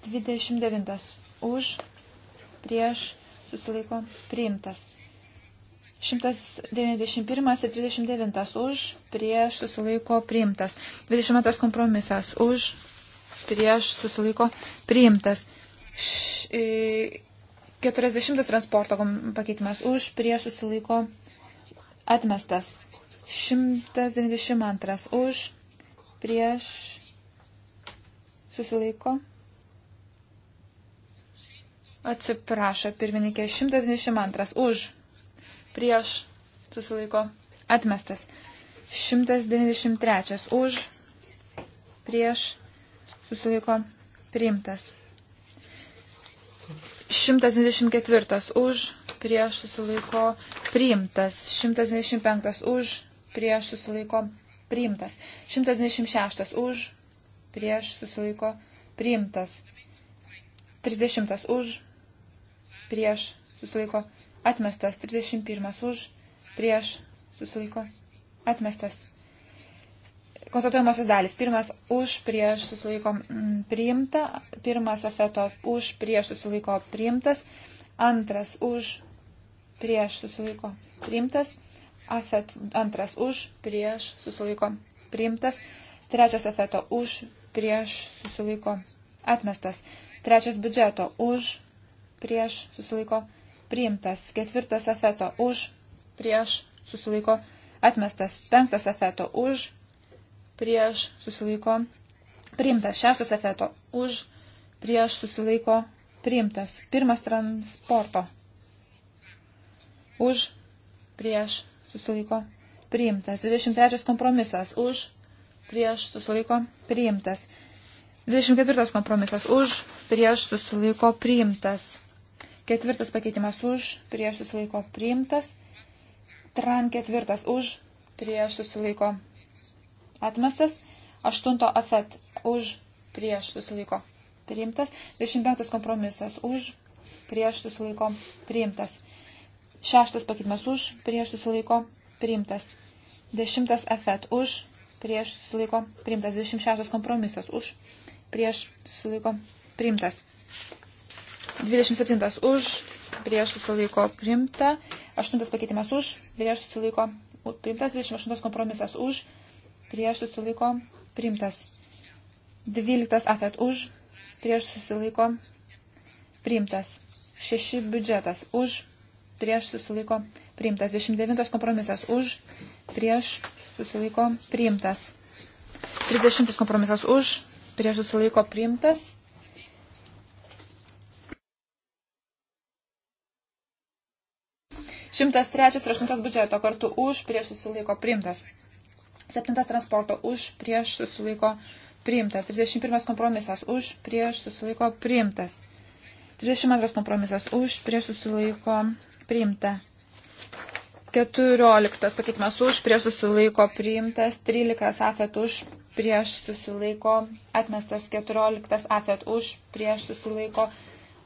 29 už prieš susilaiko priimtas. 191 ir 39 už, prieš susilaiko priimtas. 20 kompromisas už, prieš susilaiko priimtas. 40 transporto pakeitimas už prieš susilaiko atmestas. 192 už prieš susilaiko. Atsiprašo, pirmininkė, 122 už prieš susilaiko atmestas. 193 už prieš susilaiko priimtas. 124 už, prieš susilaiko priimtas. 125 už, prieš susilaiko priimtas. 126 už, prieš susilaiko priimtas. 30 už, prieš susilaiko atmestas. 31 už, prieš susilaiko atmestas konstatuojamosios dalys. Pirmas už prieš susilaiko mm, priimta, pirmas afeto už prieš susilaiko priimtas, antras už prieš susilaiko priimtas, afet antras už prieš susilaiko priimtas, trečias afeto už prieš susilaiko atmestas, trečias biudžeto už prieš susilaiko priimtas, ketvirtas afeto už prieš susilaiko atmestas, penktas afeto už prieš susilaiko priimtas. Šeštas afeto už prieš susilaiko priimtas. Pirmas transporto už prieš susilaiko priimtas. 23 kompromisas už prieš susilaiko priimtas. 24 kompromisas už prieš susilaiko priimtas. Ketvirtas pakeitimas už prieš susilaiko priimtas. Tran ketvirtas už prieš susilaiko atmestas, 8 afet už prieš susilaiko priimtas, 25 kompromisas už prieš susilaiko priimtas, 6 pakeitimas už prieš susilaiko priimtas, 10 afet už prieš susilaiko priimtas, 26 kompromisas už prieš susilaiko priimtas. 27 už, prieš susilaiko primta, 8 pakeitimas už, prieš susilaiko primtas, 28 kompromisas už, prieš susilaiko priimtas. 12 afet už, prieš susilaiko priimtas. 6 biudžetas už, prieš susilaiko priimtas. 29 kompromisas už, prieš susilaiko priimtas. 30 kompromisas už, prieš susilaiko priimtas. 103 ir 8 biudžeto kartu už, prieš susilaiko priimtas. Septintas transporto už prieš susilaiko priimta. 31 kompromisas už prieš susilaiko priimtas. 32 kompromisas už prieš susilaiko priimta. 14 pakeitimas už prieš susilaiko priimtas. 13 afet už prieš susilaiko atmestas. 14 afet už prieš susilaiko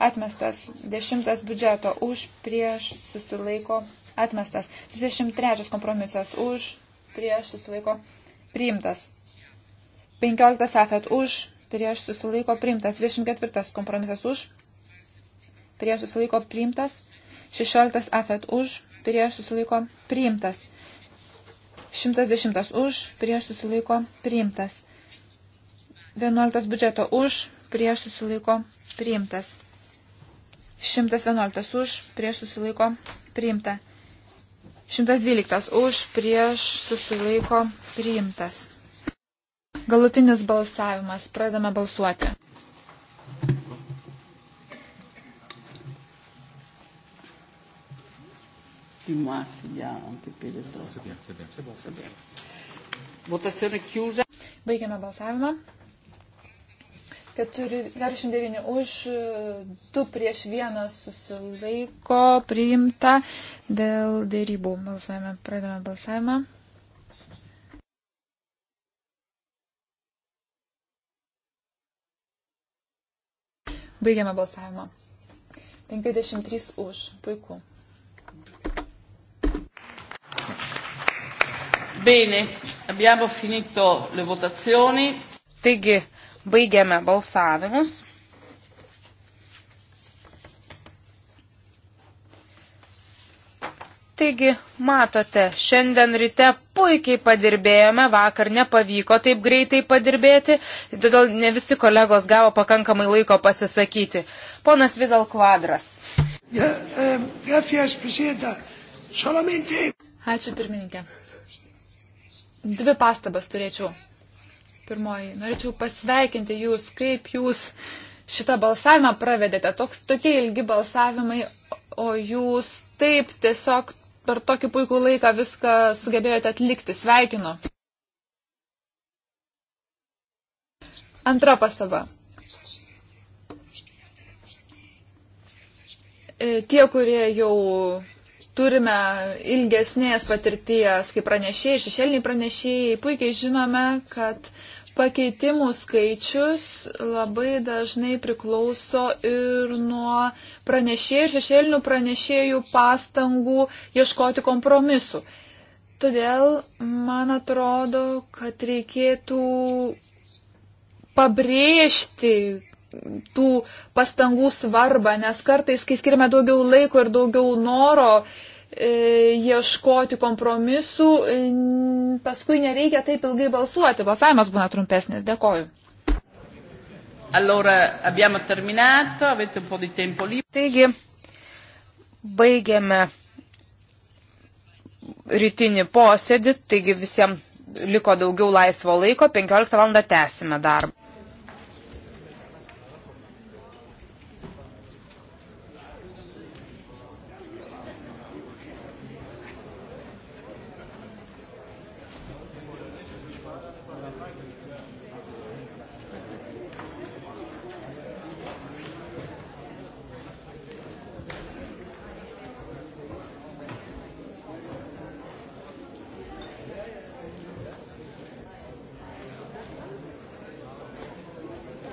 atmestas. 10 biudžeto už prieš susilaiko atmestas. 23 kompromisas už prieš susilaiko priimtas. 15 afet už, prieš susilaiko priimtas. 24 kompromisas už, prieš susilaiko priimtas. 16 afet už, prieš susilaiko priimtas. 110 už, prieš susilaiko priimtas. 11 biudžeto už, prieš susilaiko priimtas. 111 už, prieš susilaiko priimta. 112 už prieš susilaiko priimtas. Galutinis balsavimas. Pradame balsuoti. Votazione chiusa. Baigiame balsavimą. 49 už, 2 prieš 1 susilaiko priimta dėl dėrybų. Balsuojame, pradame balsavimą. Baigiame balsavimą. 53 už. Puiku. Bene, abbiamo finito le votazioni. Taigi, Baigiame balsavimus. Taigi, matote, šiandien ryte puikiai padirbėjome, vakar nepavyko taip greitai padirbėti, todėl ne visi kolegos gavo pakankamai laiko pasisakyti. Ponas Vidal Kvadras. Ehm, Ačiū pirmininkė. Dvi pastabas turėčiau. Pirmoji, norėčiau pasveikinti jūs, kaip jūs šitą balsavimą pravedėte. Toks, tokie ilgi balsavimai, o jūs taip tiesiog per tokį puikų laiką viską sugebėjote atlikti. Sveikinu. Antra pastaba. E, tie, kurie jau turime ilgesnės patirties, kaip pranešėjai, šešėliniai pranešėjai, puikiai žinome, kad uh, Pakeitimų skaičius labai dažnai priklauso ir nuo pranešėjų ir šešėlinių pranešėjų pastangų ieškoti kompromisų. Todėl man atrodo, kad reikėtų pabrėžti tų pastangų svarbą, nes kartais, kai skirime daugiau laiko ir daugiau noro, E, ieškoti kompromisų, e, paskui nereikia taip ilgai balsuoti, balsavimas būna trumpesnis. Dėkoju. Allora, abbiamo terminato, avete un po' di tempo libero. Taigi, baigiame rytinį posėdį, taigi visiems liko daugiau laisvo laiko, 15 val. tęsime darbą.